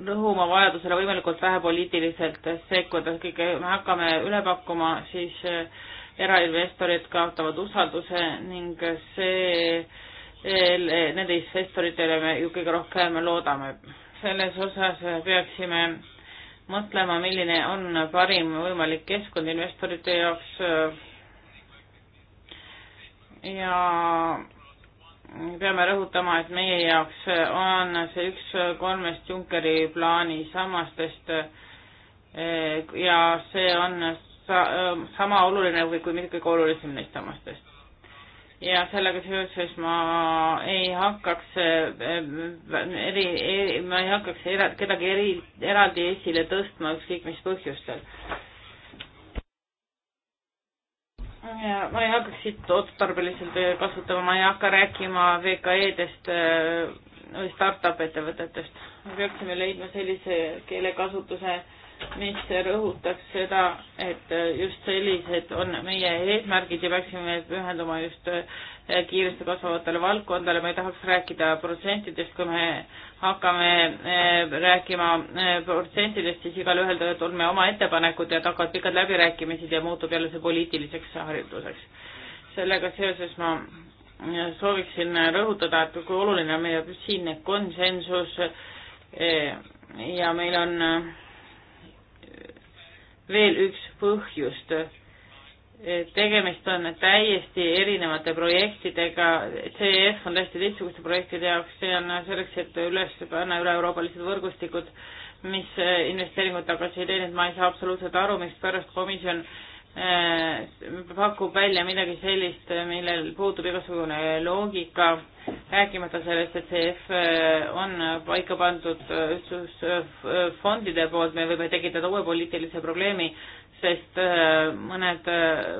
[SPEAKER 1] rõhuma vajadusele võimalikult vähe poliitiliselt sekkuda, kõige, me hakkame üle pakkuma, siis eh, erainvestorid kaotavad usalduse ning see, eh, nende investoritele me ju kõige rohkem loodame. selles osas peaksime mõtlema, milline on parim võimalik keskkond investorite jaoks ja peame rõhutama, et meie jaoks on see üks kolmest Junckeri plaani sammastest eh, ja see on sama oluline või kui mitte kõige olulisem neist sammastest. ja sellega seoses ma ei hakkaks eh, eri, eri, ma ei hakkaks era, kedagi eri, eraldi esile tõstma ükskõik mis põhjustel ja ma ei hakka siit otstarbeliselt kasutama, ma ei hakka rääkima VKE-dest või äh, startup ettevõtetest. me peaksime leidma sellise keelekasutuse, mis rõhutaks seda, et just sellised on meie eesmärgid ja peaksime pühenduma just kiiresti kasvavatele valdkondadele, me ei tahaks rääkida protsentidest, kui me hakkame eh, rääkima eh, protsentidest, siis igalühel tuleme oma ettepanekud ja hakkavad pikad läbirääkimised ja muutub jälle see poliitiliseks hariduseks. sellega seoses ma eh, sooviksin rõhutada, et kui oluline on meie siinne konsensus ja meil on veel üks põhjust. tegemist on täiesti erinevate projektidega, CEF on täiesti teistsuguste projektide jaoks, see on selleks, et üles panna üle-euroopalised võrgustikud, mis investeeringut tagasi ei teinud, ma ei saa absoluutselt aru, mispärast komisjon äh, Äh, pakub välja midagi sellist, millel puudub igasugune loogika, rääkimata sellest, et CF äh, on paika pandud äh, ühtsusfondide poolt, me võime tekitada uue poliitilise probleemi, sest mõned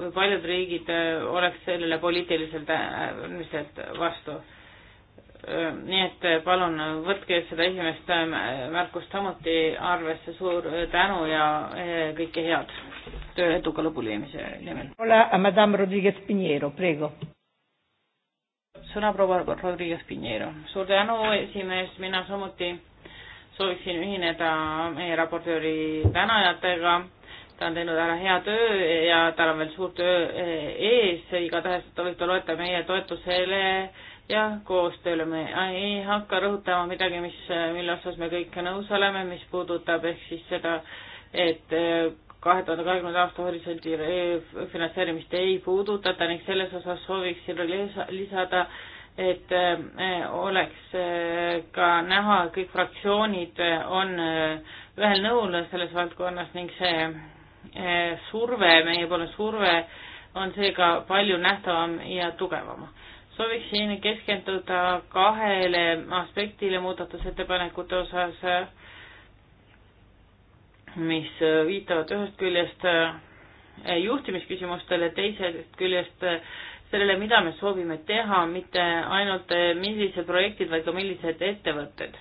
[SPEAKER 1] või paljud riigid oleks sellele poliitiliselt äärmiselt vastu nii et äh, palun võtke seda esimest äh, märkust samuti arvesse, suur äh, tänu ja kõike head töö eduka lõpuleviimise nimel. sõna proua Rodriguez Pinheiro, suur tänu, esimees, mina samuti sooviksin ühineda meie raportööri tänajatega, ta on teinud ära hea töö ja tal on veel suur töö ees, igatahes ta võib ta loeta meie toetusele äh, ja koostööle me ei hakka rõhutama midagi, mis, mille osas me kõik nõus oleme, mis puudutab ehk siis seda, et äh, kahe tuhande kahekümnenda aasta horisondi äh, finantseerimist ei puudutata ning selles osas sooviksin lisada, et äh, oleks ka näha, kõik fraktsioonid on ühel nõul selles valdkonnas ning see surve, meiepoolne surve on seega palju nähtavam ja tugevam sooviksin keskenduda kahele aspektile muudatusettepanekute osas, mis viitavad ühest küljest eh, juhtimisküsimustele, teisest küljest eh, sellele, mida me soovime teha, mitte ainult eh, millised projektid, vaid ka millised ettevõtted.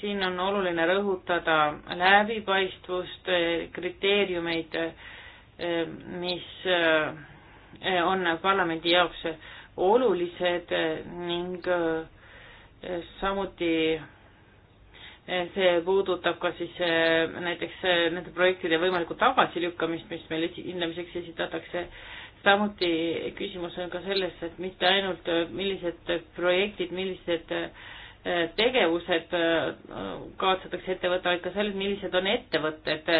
[SPEAKER 1] siin on oluline rõhutada läbipaistvust, kriteeriumeid, mis Eh, on parlamendi jaoks olulised eh, ning eh, samuti see puudutab ka siis näiteks nende projektide võimalikku tagasilükkamist, mis meile hindamiseks esitatakse. samuti küsimus on ka selles, et mitte ainult millised projektid, millised äh, tegevused äh, kavatsetakse ette võtta, vaid ka selles, millised on ettevõtted.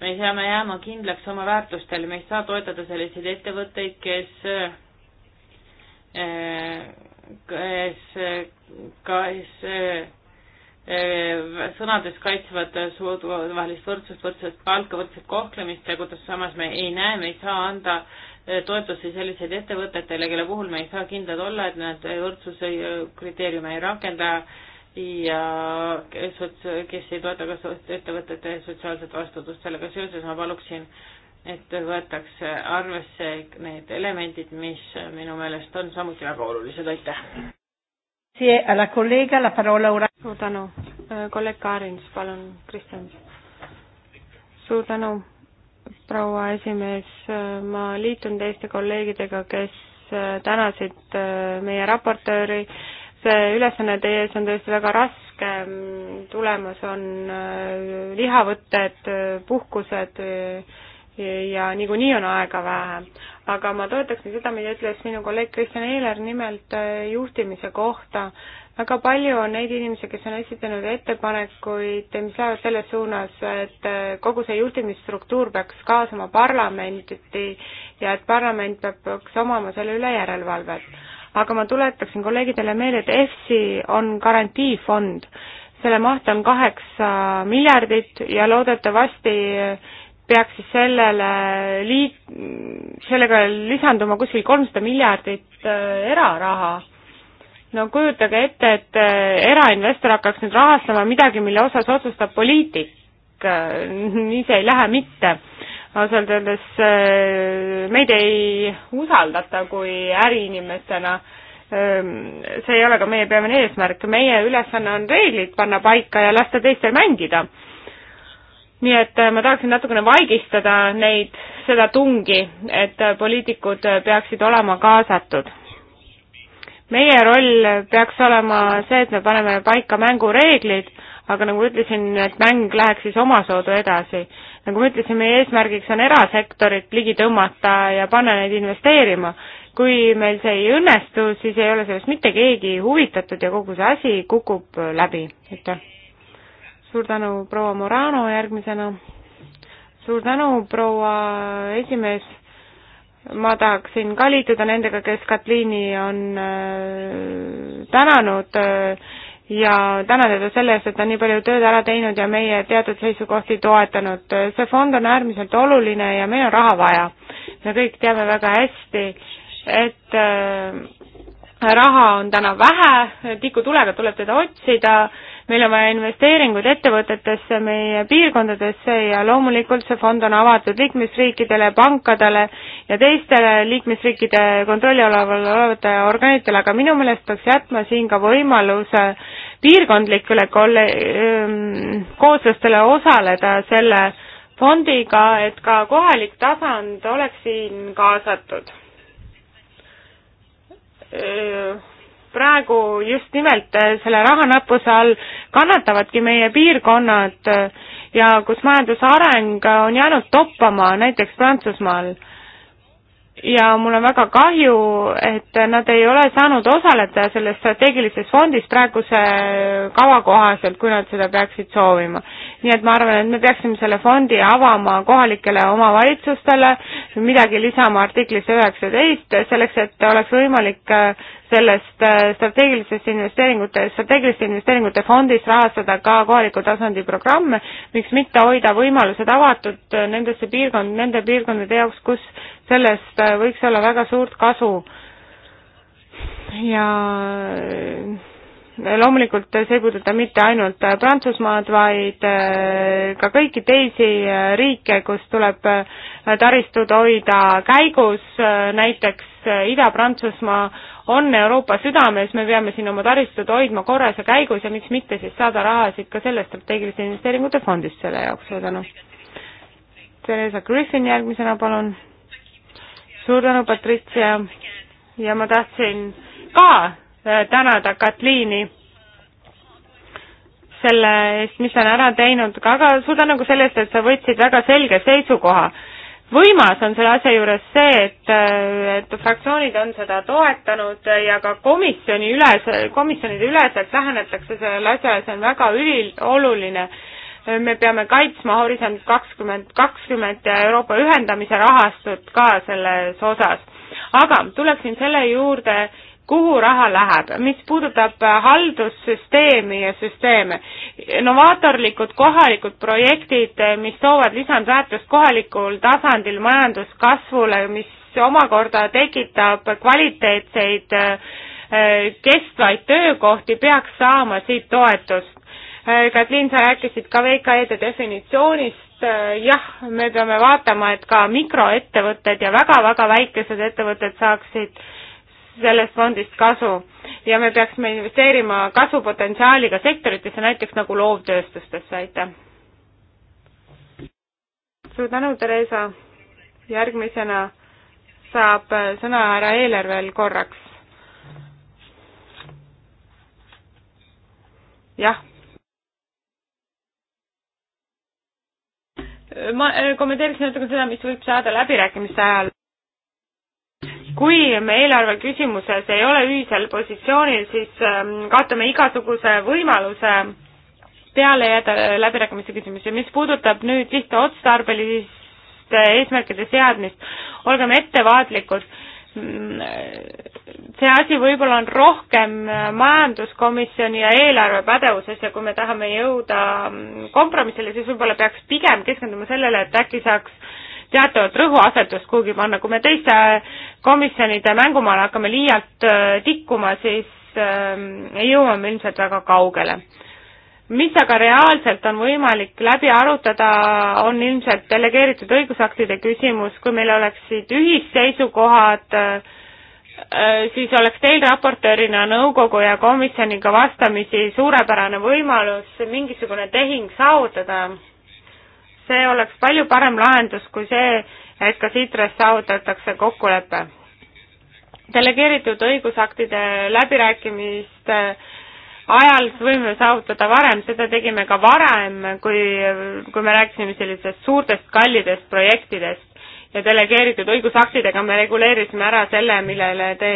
[SPEAKER 1] me peame jääma kindlaks oma väärtustele, me ei saa toetada selliseid ettevõtteid, kes, äh, kes, kes äh, sõnades kaitsevad suuvahelist võrdsust, võrdset palka, võrdset kohtlemist ja kuidas samas me ei näe, me ei saa anda äh, toetusi selliseid ettevõtetele, kelle puhul me ei saa kindlad olla, et nad võrdsuse kriteeriume ei rakenda ja kes, kes ei toeta ka ettevõtete sotsiaalset vastutust. sellega seoses ma paluksin, et võetakse arvesse need elemendid, mis minu meelest on samuti väga olulised, aitäh.
[SPEAKER 5] suur tänu, äh, kolleeg Kaarins, palun, Kristjan. suur tänu proua esimees, ma liitun teiste kolleegidega, kes äh, tänasid äh, meie raportööri, see ülesanne teie ees on tõesti väga raske, mm, tulemas on äh, lihavõtted, puhkused ja niikuinii on aega vähe. aga ma toetaksin seda, mida ütles minu kolleeg Kristjan Eeler nimelt juhtimise kohta väga palju on neid inimesi, kes on esitanud ettepanekuid, mis lähevad selles suunas, et äh, kogu see juhtimisstruktuur peaks kaasama parlamenti ja et parlament peaks omama selle üle järelevalvet. aga ma tuletaksin kolleegidele meelde, et EFSI on garantiifond, selle maht on kaheksa miljardit ja loodetavasti peaks siis sellele liit-, sellega lisanduma kuskil kolmsada miljardit äh, eraraha äh, no kujutage ette, et äh, erainvestor hakkaks nüüd rahastama midagi, mille osas otsustab poliitik, [LAUGHS] nii see ei lähe mitte. ausalt öeldes äh, meid ei usaldata kui äriinimestena, ähm, see ei ole ka meie peamine eesmärk, meie ülesanne on reeglid panna paika ja lasta teistel mängida. nii et äh, ma tahaksin natukene vaigistada neid, seda tungi, et poliitikud peaksid olema kaasatud meie roll peaks olema see, et me paneme paika mängureeglid, aga nagu ma ütlesin, et mäng läheks siis omasoodu edasi. nagu ma ütlesin, meie eesmärgiks on erasektorit ligi tõmmata ja panna neid investeerima. kui meil see ei õnnestu, siis ei ole sellest mitte keegi huvitatud ja kogu see asi kukub läbi, aitäh. suur tänu, proua Morano, järgmisena. suur tänu, proua esimees ma tahaksin ka liituda nendega, kes Katliini on äh, tänanud äh, ja tänada ta selle eest, et ta on nii palju tööd ära teinud ja meie teatud seisukohti toetanud. see fond on äärmiselt oluline ja meil on raha vaja. me kõik teame väga hästi, et äh, raha on täna vähe, tikutulega tuleb teda otsida meil on vaja investeeringuid ettevõtetesse, meie piirkondadesse ja loomulikult see fond on avatud liikmesriikidele, pankadele ja teistele liikmesriikide kontrolli oleval, olevatele organitele, aga minu meelest peaks jätma siin ka võimaluse piirkondlikele kolle-, ähm, kooslustele osaleda selle fondiga, et ka kohalik tasand oleks siin kaasatud äh, praegu just nimelt äh, selle rahanappuse all kannatavadki meie piirkonnad äh, ja kus majandusareng äh, on jäänud toppama, näiteks Prantsusmaal. ja mul on väga kahju, et nad ei ole saanud osaleda selles strateegilises fondis praeguse kava kohaselt, kui nad seda peaksid soovima nii et ma arvan, et me peaksime selle fondi avama kohalikele omavalitsustele, midagi lisama artiklisse üheksateist, selleks et oleks võimalik äh, sellest äh, strateegilisest investeeringute, strateegiliste investeeringute fondist rahastada ka kohaliku tasandi programme, miks mitte hoida võimalused avatud äh, nendesse piirkond, nende piirkondade jaoks, kus sellest võiks olla väga suurt kasu. ja loomulikult see ei puuduta mitte ainult äh, Prantsusmaad, vaid äh, ka kõiki teisi äh, riike, kus tuleb taristud hoida käigus, näiteks Ida-Prantsusmaa on Euroopa südames, me peame siin oma taristud hoidma korras ja käigus ja miks mitte siis saada rahasid ka sellest strateegilise investeeringute fondist selle jaoks, suur tänu. Theresa Griffin järgmisena, palun. suur tänu, Patricia. ja ma tahtsin ka Äh, tänada Katliini selle eest, mis ta on ära teinud, aga suur tänu ka selle eest, et sa võtsid väga selge seisukoha. võimas on selle asja juures see, et, äh, et fraktsioonid on seda toetanud ja ka komisjoni üles, komisjonide üleselt lähenetakse sellele asjale, see on väga ülioluline. me peame kaitsma Horisont kakskümmend kakskümmend ja Euroopa ühendamise rahastut ka selles osas. aga tuleksin selle juurde, kuhu raha läheb, mis puudutab äh, haldussüsteemi ja süsteeme, novaatorlikud kohalikud projektid, äh, mis toovad lisandväärtust kohalikul tasandil majanduskasvule, mis omakorda tekitab kvaliteetseid äh, kestvaid töökohti, peaks saama siit toetust. Katrin, sa rääkisid ka VKE-de definitsioonist, jah, me peame vaatama, et ka mikroettevõtted ja väga-väga väikesed ettevõtted saaksid äh, sellest fondist kasu ja me peaksime investeerima kasvupotentsiaaliga sektoritesse, näiteks nagu loovtööstustesse, aitäh. suur tänu, Theresa. järgmisena saab sõna härra Eeler veel korraks. jah. ma eh, kommenteeriks natuke seda, mis võib saada läbirääkimiste ajal kui me eelarve küsimuses ei ole ühisel positsioonil, siis ähm, kaotame igasuguse võimaluse peale jääda äh, läbirääkimiste küsimusi. mis puudutab nüüd sihtotstarbelist eesmärkide seadmist, olgem ettevaatlikud, mm, äh, see asi võib-olla on rohkem äh, majanduskomisjoni ja eelarve pädevuses ja kui me tahame jõuda mm, kompromissile, siis võib-olla peaks pigem keskenduma sellele, et äkki saaks teatavat rõhuasetust kuhugi panna, kui me teiste komisjonide mängumaale hakkame liialt äh, tikkuma, siis äh, jõuame ilmselt väga kaugele. mis aga reaalselt on võimalik läbi arutada, on ilmselt delegeeritud õigusaktide küsimus, kui meil oleksid ühisseisukohad äh, siis oleks teil raportöörina nõukogu ja komisjoniga vastamisi suurepärane võimalus mingisugune tehing saavutada see oleks palju parem lahendus kui see, et ka Citrest saavutatakse kokkulepe. delegeeritud õigusaktide läbirääkimiste ajal võime saavutada varem, seda tegime ka varem, kui, kui me rääkisime sellistest suurtest kallidest projektidest ja delegeeritud õigusaktidega me reguleerisime ära selle, millele te,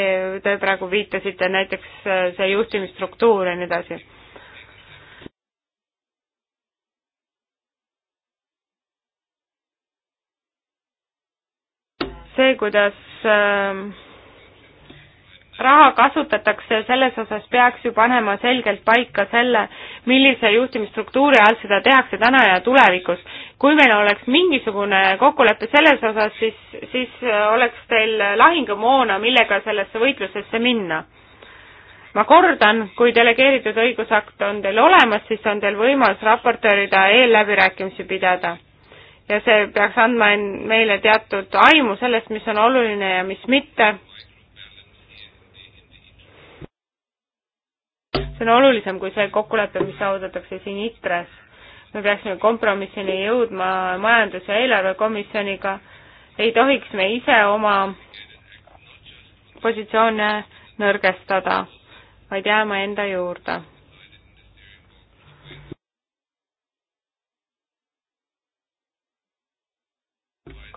[SPEAKER 5] te praegu viitasite, näiteks see juhtimisstruktuur ja nii edasi see, kuidas ähm, raha kasutatakse, selles osas peaks ju panema selgelt paika selle, millise juhtimisstruktuuri all seda tehakse täna ja tulevikus. kui meil oleks mingisugune kokkulepe selles osas, siis, siis äh, oleks teil lahingumoona, millega sellesse võitlusesse minna. ma kordan, kui delegeeritud õigusakt on teil olemas, siis on teil võimalus raportöörida eelläbirääkimisi pidada ja see peaks andma meile teatud aimu sellest, mis on oluline ja mis mitte. see on olulisem kui see kokkulepe, mis saavutatakse siin ITRE-s. me peaksime kompromissini jõudma majandus- ja eelarvekomisjoniga, ei tohiks me ise oma positsioone nõrgestada, vaid jääma enda juurde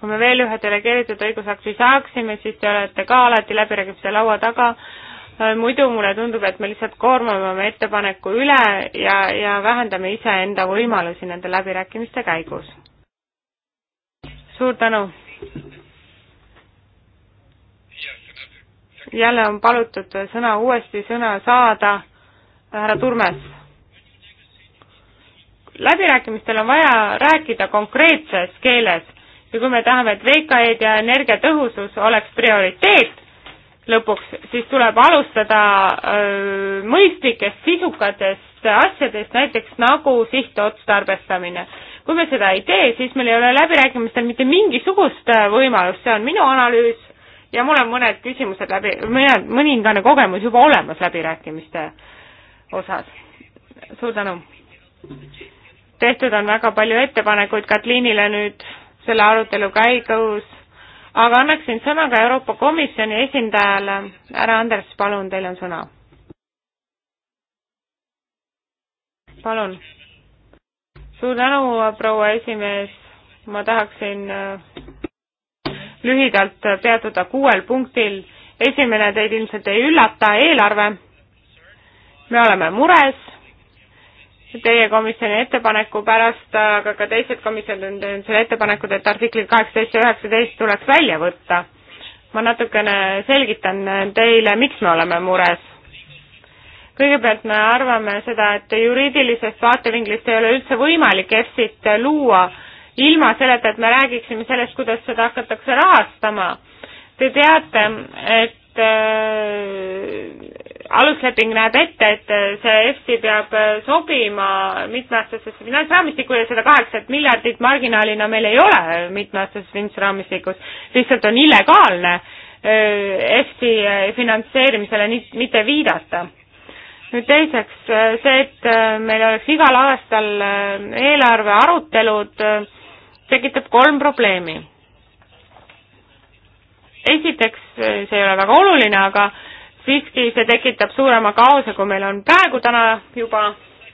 [SPEAKER 5] kui me veel ühe delegeeritud õigusakti saaksime, siis te olete ka alati läbirääkimiste laua taga, muidu mulle tundub, et me lihtsalt koormame oma ettepaneku üle ja, ja vähendame iseenda võimalusi nende läbirääkimiste käigus. suur tänu! jälle on palutud sõna uuesti sõna saada, härra Turmes läbirääkimistel on vaja rääkida konkreetses keeles ja kui me tahame, et VKE-d ja energiatõhusus oleks prioriteet lõpuks, siis tuleb alustada öö, mõistlikest, sisukatest asjadest, näiteks nagu sihtotstarbestamine. kui me seda ei tee, siis meil ei ole läbirääkimistel mitte mingisugust võimalust, see on minu analüüs ja mul on mõned küsimused läbi, mõned, mõningane kogemus juba olemas läbirääkimiste osas. suur tänu! tehtud on väga palju ettepanekuid Katliinile nüüd selle arutelu käigus, aga annaksin sõna ka Euroopa Komisjoni esindajale. härra Andres, palun, teil on sõna. palun. suur tänu, proua esimees, ma tahaksin äh, lühidalt peatuda kuuel punktil. esimene teid ilmselt ei üllata, eelarve. me oleme mures teie komisjoni ettepaneku pärast, aga ka teised komisjonid on teinud selle ettepanekud, et artiklid kaheksateist ja üheksateist tuleks välja võtta. ma natukene selgitan teile, miks me oleme mures. kõigepealt me arvame seda, et juriidilisest vaatevinklist ei ole üldse võimalik EFSit luua ilma selleta, et me räägiksime sellest, kuidas seda hakatakse rahastama. Te teate, et äh, alusleping näeb ette, et see EFSI peab äh, sobima mitmeaastasesse finantsraamistikku ja seda kaheksat miljardit marginaalina meil ei ole mitmeaastases finantsraamistikus, lihtsalt on illegaalne äh, EFSI äh, finantseerimisele mitte viidata. nüüd teiseks see, et meil oleks igal aastal eelarve arutelud, tekitab kolm probleemi. esiteks, see ei ole väga oluline, aga siiski see tekitab suurema kaose, kui meil on praegu täna juba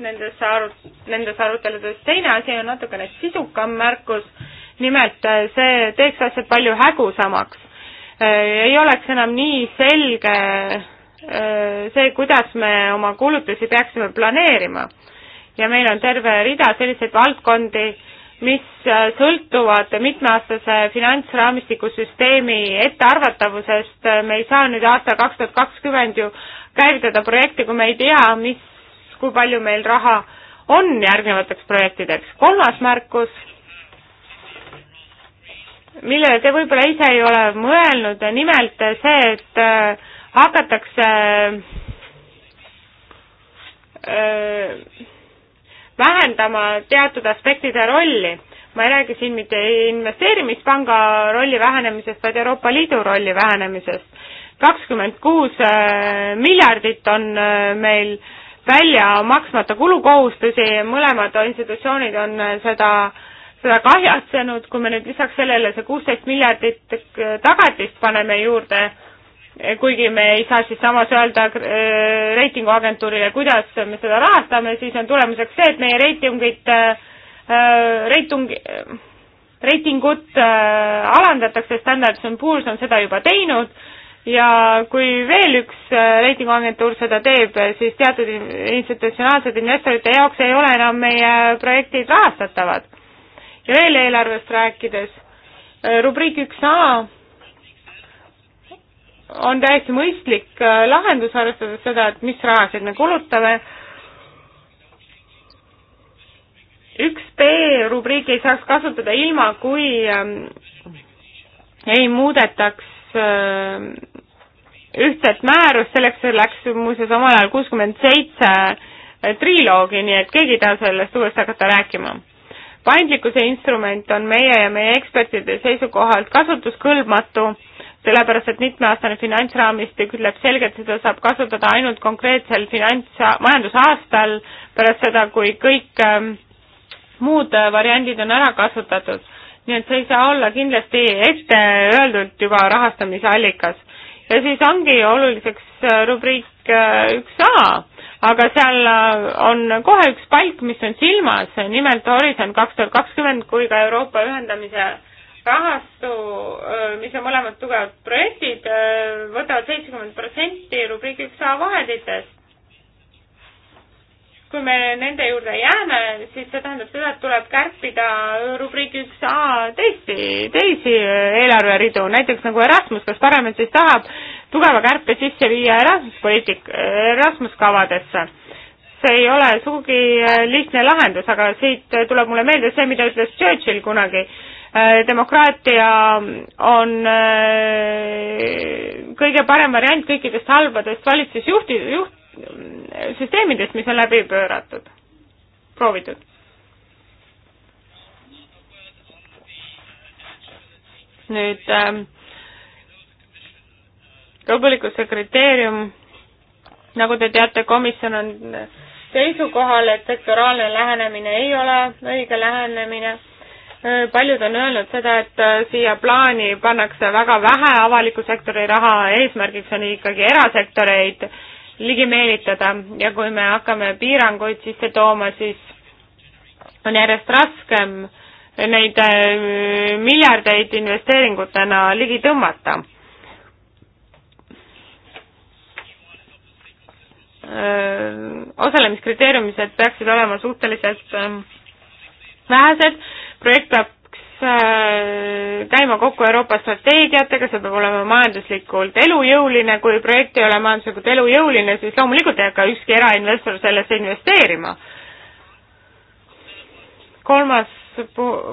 [SPEAKER 5] nendes arut-, nendes aruteludes. teine asi on natukene sisukam märkus, nimelt äh, see teeks asjad palju hägusamaks. Äh, ei oleks enam nii selge äh, see, kuidas me oma kulutusi peaksime planeerima. ja meil on terve rida selliseid valdkondi, mis äh, sõltuvad mitmeaastase finantsraamistiku süsteemi ettearvatavusest, äh, me ei saa nüüd aasta kaks tuhat kakskümmend ju käivitada projekte, kui me ei tea, mis, kui palju meil raha on järgnevateks projektideks. kolmas märkus, millele te võib-olla ise ei ole mõelnud, nimelt see, et äh, hakatakse öö, vähendama teatud aspektide rolli. ma ei räägi siin mitte investeerimispanga rolli vähenemisest, vaid Euroopa Liidu rolli vähenemisest. kakskümmend kuus äh, miljardit on äh, meil välja maksmata kulukohustusi, mõlemad institutsioonid on äh, seda seda kahjatsenud, kui me nüüd lisaks sellele see kuusteist miljardit tagatist paneme juurde, Eh, kuigi me ei saa siis samas öelda eh, reitinguagentuurile, kuidas me seda rahastame, siis on tulemuseks see, et meie reitingit, eh, reitung, reitingut alandatakse, Standard Poor's on seda juba teinud ja kui veel üks reitinguagentuur seda teeb, siis teatud institutsionaalsete investorite jaoks ei ole enam meie projektid rahastatavad. ja veel eelarvest rääkides, rubriik üks A on täiesti mõistlik äh, lahendus, arvestades seda, et mis rahasid me kulutame. üks B rubriiki ei saaks kasutada ilma, kui ähm, ei muudetaks äh, ühtset määrust, selleks läks muuseas omal ajal kuuskümmend seitse äh, triloogi, nii et keegi ei taha sellest uuesti hakata rääkima paindlikkuse instrument on meie ja meie ekspertide seisukohalt kasutuskõlbmatu sellepärast et mitmeaastane finantsraamistik ütleb selgelt, seda saab kasutada ainult konkreetsel finants, majandusaastal pärast seda, kui kõik ähm, muud äh, variandid on ära kasutatud. nii et see ei saa olla kindlasti ette öeldud juba rahastamise allikas. ja siis ongi oluliseks äh, rubriik äh, üks A, aga seal on kohe üks palk, mis on silmas, nimelt Horisont kaks tuhat kakskümmend kui ka Euroopa ühendamise rahastu, mis on mõlemad tugevad projektid, võtavad seitsekümmend protsenti rubriigi üks A vahenditest. kui me nende juurde jääme, siis see tähendab seda, et tuleb kärpida rubriigi üks A teisi, teisi eelarveridu, näiteks nagu Erasmus, kas parlament siis tahab tugeva kärpe sisse viia Erasmus poliitik-, Erasmus kavadesse? see ei ole sugugi lihtne lahendus, aga siit tuleb mulle meelde see, mida ütles Churchill kunagi Äh, demokraatia on äh, kõige parem variant kõikidest halbadest valitsusjuhti, juht, süsteemidest, mis on läbi pööratud, proovitud. nüüd ähm, loomulikult see kriteerium, nagu te teate, komisjon on seisukohal, et sektoraalne lähenemine ei ole õige lähenemine Äh, paljud on öelnud seda, et äh, siia plaani pannakse väga vähe avaliku sektori raha, eesmärgiks on ikkagi erasektoreid ligi meelitada ja kui me hakkame piiranguid sisse tooma, siis on järjest raskem neid äh, miljardeid investeeringutena ligi tõmmata. osalemiskriteeriumised peaksid olema suhteliselt vähesed projekt peaks äh, käima kokku Euroopa strateegiatega, see peab olema majanduslikult elujõuline, kui projekt ei ole majanduslikult elujõuline, siis loomulikult ei hakka ükski erainvestor sellesse investeerima. kolmas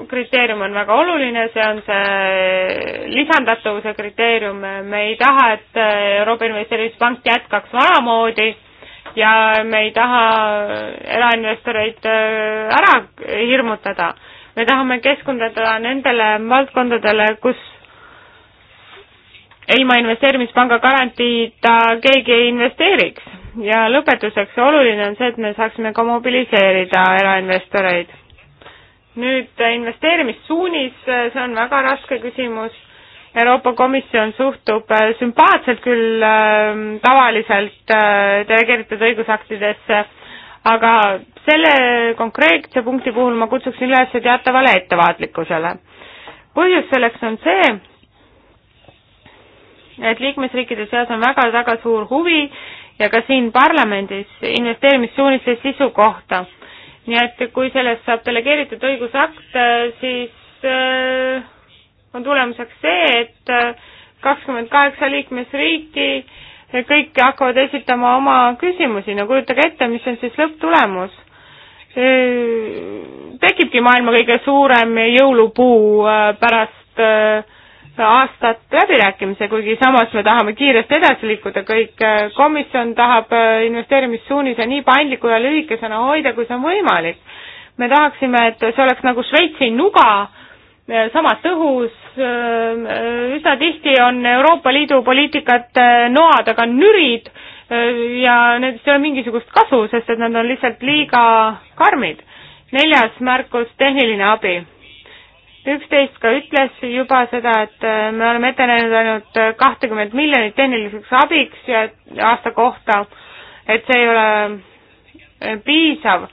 [SPEAKER 5] kriteerium on väga oluline, see on see lisandatavuse kriteerium, me ei taha, et Euroopa Investeerimispank jätkaks vanamoodi ja me ei taha erainvestoreid äh, ära hirmutada me tahame keskenduda nendele valdkondadele, kus ilma investeerimispanga garantiita keegi ei investeeriks. ja lõpetuseks, oluline on see, et me saaksime ka mobiliseerida erainvestoreid. nüüd investeerimissuunis, see on väga raske küsimus, Euroopa Komisjon suhtub äh, sümpaatselt küll äh, tavaliselt äh, delegeeritud õigusaktidesse äh, aga selle konkreetse punkti puhul ma kutsuksin üles teatavale ettevaatlikkusele. põhjus selleks on see, et liikmesriikide seas on väga-väga suur huvi ja ka siin parlamendis investeerimissuuniste sisu kohta. nii et kui sellest saab delegeeritud õigusakt, siis äh, on tulemuseks see, et äh, kakskümmend kaheksa liikmesriiki kõik hakkavad esitama oma küsimusi, no kujutage ette, mis on siis lõpptulemus. tekibki maailma kõige suurem jõulupuu äh, pärast äh, aastat läbirääkimise, kuigi samas me tahame kiiresti edasi liikuda, kõik äh, komisjon tahab investeerimissuunise nii paindliku ja lühikesena hoida, kui see on võimalik. me tahaksime, et see oleks nagu Šveitsi nuga, sama tõhus, äh, üsna tihti on Euroopa Liidu poliitikate noa taga nürid äh, ja nendest ei ole mingisugust kasu, sest et nad on lihtsalt liiga karmid. neljas märkus, tehniline abi. üksteist ka ütles juba seda, et äh, me oleme ette näinud ainult kahtekümmet miljonit tehniliseks abiks ja aasta kohta, et see ei ole piisav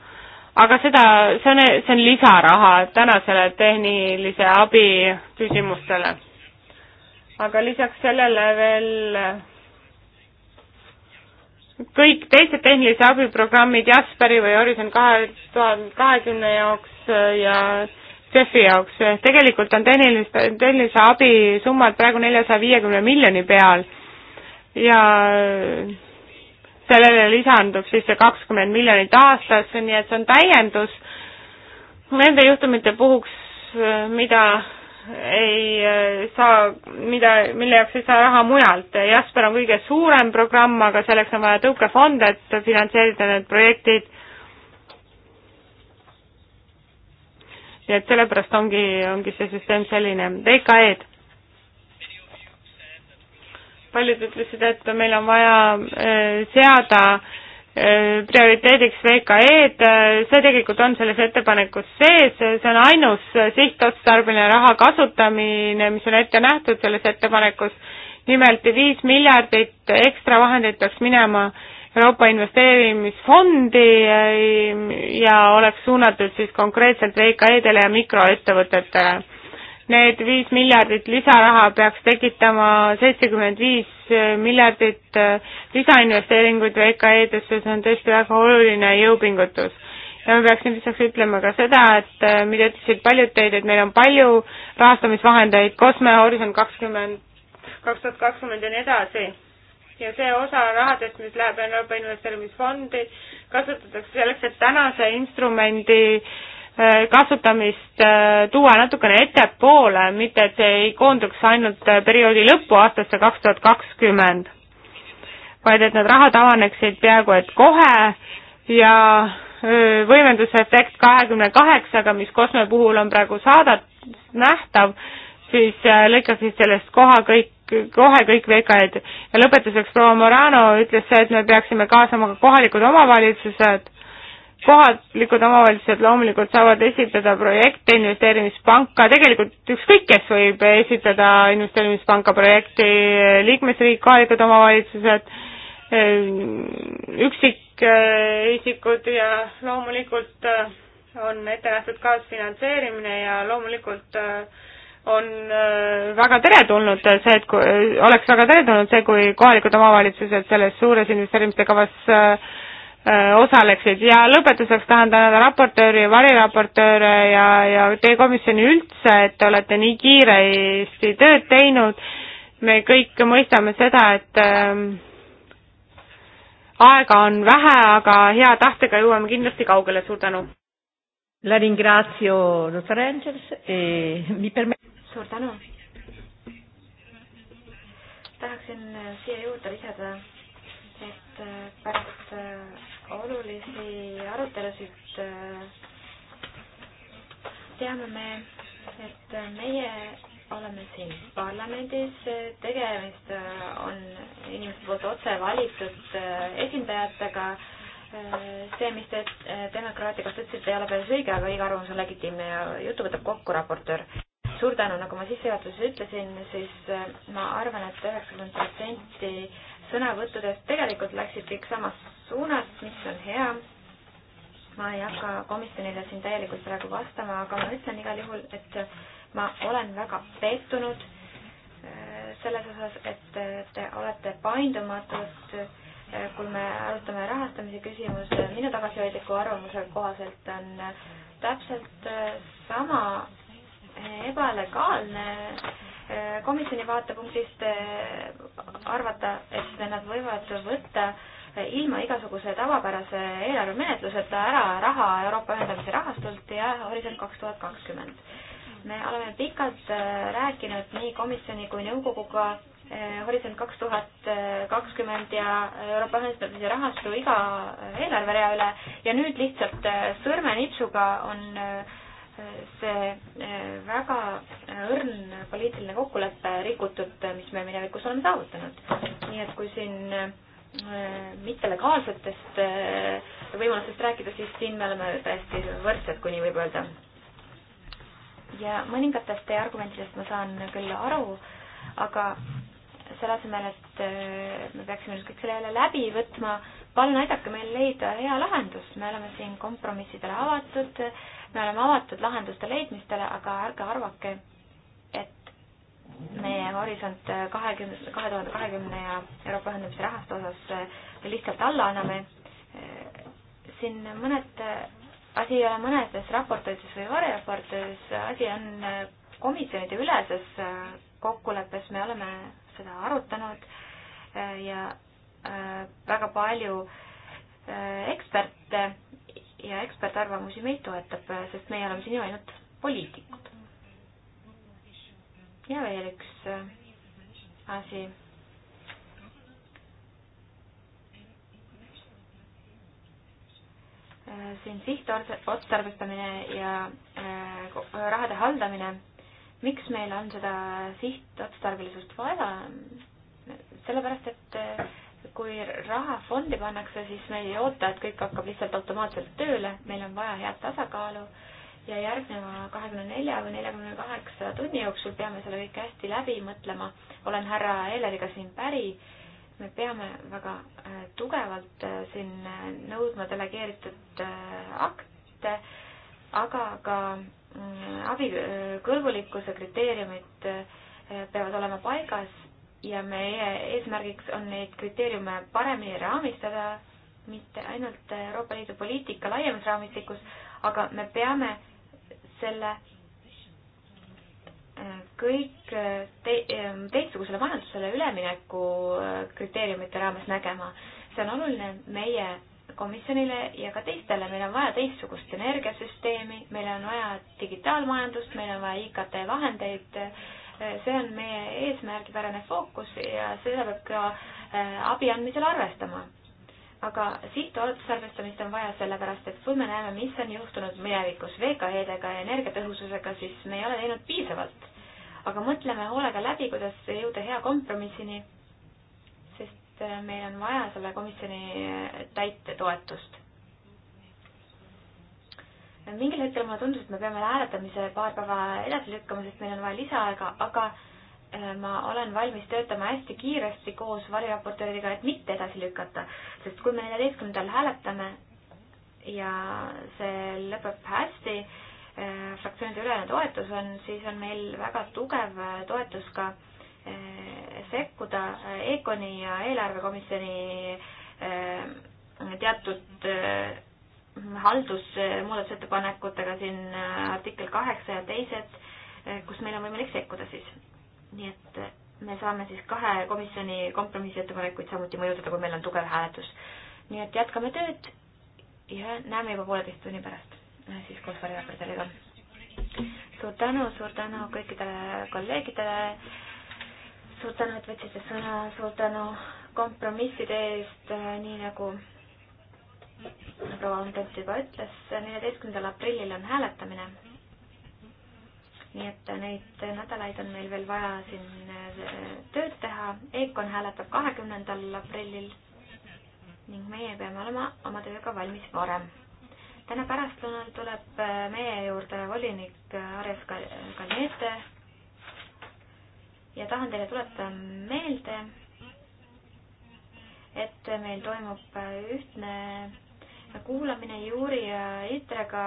[SPEAKER 5] aga seda, see on, see on lisaraha tänasele tehnilise abi küsimustele. aga lisaks sellele veel kõik teised tehnilise abi programmid Jasperi või Horizon kahe tuhande kahekümne jaoks äh, ja CEF-i jaoks, tegelikult on tehnilist, tehnilise abi summad praegu neljasaja viiekümne miljoni peal ja sellele lisanduks siis see kakskümmend miljonit aastas, nii et see on täiendus nende juhtumite puhuks, mida ei äh, saa, mida, mille jaoks ei saa raha mujalt. Jasper on kõige suurem programm, aga selleks on vaja tõukefonde, et finantseerida need projektid. nii et sellepärast ongi, ongi see süsteem selline. VKE-d paljud ütlesid, et meil on vaja äh, seada äh, prioriteediks VKE-d, see tegelikult on selles ettepanekus sees, see on ainus sihtotstarbeline raha kasutamine, mis on ette nähtud selles ettepanekus, nimelt viis miljardit ekstra vahendeid peaks minema Euroopa Investeerimisfondi äh, ja oleks suunatud siis konkreetselt VKE-dele ja mikroettevõtetele Need viis miljardit lisaraha peaks tekitama seitsekümmend viis miljardit äh, lisainvesteeringuid VKE-desse, see on tõesti väga oluline jõupingutus ja ma peaksin lisaks ütlema ka seda, et äh, mida ütlesid paljud teid, et meil on palju rahastamisvahendeid, Kosme, Horisont kakskümmend, kaks tuhat kakskümmend ja nii edasi. ja see osa rahadest, mis läheb Euroopa Investeerimisfondi, kasutatakse selleks, et tänase instrumendi äh, Äh, kasutamist äh, tuua natukene ettepoole, mitte et see ei koonduks ainult äh, perioodi lõppu aastasse kaks tuhat kakskümmend, vaid et need rahad avaneksid peaaegu et kohe ja võimendusefekt kahekümne kaheksaga, mis Kosme puhul on praegu saada-, nähtav, siis lõikaksid sellest koha kõik, kohe kõik VKE-d. ja lõpetuseks proua Morano ütles see, et me peaksime kaasama ka kohalikud omavalitsused kohalikud omavalitsused loomulikult saavad esitada projekte, investeerimispanka, tegelikult ükskõik, kes võib esitada investeerimispanka projekti, liikmesriik, kohalikud omavalitsused, üksikisikud ja loomulikult äh, on ette nähtud kaasfinantseerimine ja loomulikult äh, on äh, väga teretulnud see, et kui, oleks väga teretulnud see, kui kohalikud omavalitsused selles suures investeeringute kavas äh, Äh, osaleksid ja lõpetuseks tahan tänada raportööri ja variraportööre ja, ja teie komisjoni üldse, et te olete nii kiiresti tööd teinud. me kõik mõistame seda, et äh, aega on vähe, aga hea tahtega jõuame kindlasti kaugele, suur tänu.
[SPEAKER 2] La ringrazio, dottor Angels e mi permet-. suur tänu.
[SPEAKER 4] tahaksin äh, siia juurde lisada, et äh, pärast olulisi arutelusid äh, teame me, et meie oleme siin parlamendis, tegemist äh, on inimeste poolt otse valitud äh, esindajatega. see, mis te demokraatia kohta ütlesite, ei ole päris õige, aga iga arvamus on legitiimne ja jutu võtab kokku raportöör. suur tänu, nagu ma sissejuhatuses ütlesin, siis ma arvan et, et üheksakümmend protsenti sõnavõttudest tegelikult läksid kõik samas suunas, mis on hea. ma ei hakka komisjonile siin täielikult praegu vastama, aga ma ütlen igal juhul, et ma olen väga pettunud äh, selles osas, et äh, te olete paindumatud, äh, kui me arutame rahastamise küsimust. minu tagasihoidliku arvamuse kohaselt on täpselt sama ebalegaalne komisjoni vaatepunktist eh, arvata, et nad võivad võtta eh, ilma igasuguse tavapärase eelarvemenetluseta ära raha Euroopa ühendamise rahastult ja Horisont kaks tuhat kakskümmend. me oleme pikalt eh, rääkinud nii komisjoni kui nõukoguga Horisont kaks tuhat kakskümmend ja Euroopa ühendamise rahastu iga eelarverea üle ja nüüd lihtsalt sõrmenipsuga on äh, see eh, väga õrn poliitiline kokkulepe rikutud, mis me minevikus oleme saavutanud. nii et kui siin eh, mittelegaalsetest eh, võimalustest rääkida, siis siin me oleme täiesti võrdsed, kui nii võib öelda. ja mõningatest teie argumentidest ma saan küll aru, aga selle asemel, et me peaksime nüüd kõik selle jälle läbi võtma, palun aidake meil leida hea lahendus, me oleme siin kompromissidele avatud äh,, me oleme avatud lahenduste leidmistele, aga ärge arvake, et meie horisont kahekümne, kahe tuhande kahekümne ja Euroopa ühendamise rahastu osas eh, lihtsalt alla anname. Eh, siin mõned, eh, asi ei ole mõnedes raportites või variraportides, asi on komisjonide üleses kokkuleppes, me oleme seda arutanud ja väga palju eksperte ja ekspertarvamusi meid toetab, sest meie oleme siin ju ainult poliitikud. ja veel üks äh, asi. Äh, siin sihtotstarbestamine ja äh, rahade haldamine. miks meil on seda sihtotstarbelisust vaja? sellepärast, et kui raha fondi pannakse, siis me ei oota, et kõik hakkab lihtsalt automaatselt tööle, meil on vaja head tasakaalu ja järgneva kahekümne nelja või neljakümne kaheksa tunni jooksul peame selle kõik hästi läbi mõtlema. olen härra Ehleriga siin päri. me peame väga äh, tugevalt äh, siin äh, nõudma delegeeritud akte, aga ka abikõlbulikkuse kriteeriumid peavad olema paigas ja meie eesmärgiks on neid kriteeriume paremini raamistada, mitte ainult Euroopa Liidu poliitika laiemas raamistikus, aga me peame selle äh, kõik äh, te äh, teistsugusele majandusele ülemineku kriteeriumite raames nägema. see on oluline meie komisjonile ja ka teistele, meil on vaja teistsugust energiasüsteemi, meil on vaja digitaalmajandust, meil on vaja IKT vahendeid äh, Eh, see on meie eesmärgipärane fookus ja seda peab ka eh, abi andmisel arvestama. aga sihtarvestamist on vaja sellepärast, et kui me näeme, mis on juhtunud minevikus VKE-dega ja energiatõhususega, siis me ei ole teinud piisavalt. aga mõtleme hoolega läbi, kuidas jõuda hea kompromissini, sest eh, meil on vaja selle komisjoni täite toetust mingil hetkel mulle tundus, et me peame hääletamise paar päeva edasi lükkama, sest meil on vaja lisaaega, aga äh, ma olen valmis töötama hästi kiiresti koos variraportööridega, et mitte edasi lükata, sest kui me neljateistkümnendal hääletame ja see lõpeb hästi, äh, fraktsioonide ülene toetus on, siis on meil väga tugev äh, toetus ka sekkuda EKONi ja eelarvekomisjoni teatud haldusmuudatusettepanekutega siin äh, artikkel kaheksa ja teised, äh, kus meil on võimalik sekkuda siis. nii et äh, me saame siis kahe komisjoni kompromissettepanekuid samuti mõjutada, kui meil on tugev hääletus. nii et jätkame tööd ja näeme juba pooleteist tunni pärast siis koos variraportööriga. suur tänu, suur tänu kõikidele kolleegidele, suur tänu, et võtsite sõna, suur tänu kompromisside eest, nii nagu proua Antot juba ütles, neljateistkümnendal aprillil on hääletamine. nii et neid nädalaid on meil veel vaja siin eh, tööd teha. EKOn hääletab kahekümnendal aprillil ning meie peame olema oma tööga valmis varem. täna pärastlõunal tuleb eh, meie juurde volinik eh, Arjas Kalnete ja tahan teile tuletada meelde, et meil toimub ühtne kuulamine Juuri ja Itrega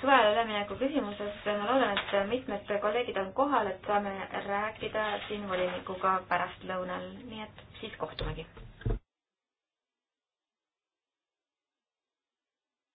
[SPEAKER 4] suvele ülemineku küsimuses. ma loodan, et mitmed kolleegid on kohal, et saame rääkida siin volinikuga pärastlõunal, nii et siis kohtumegi.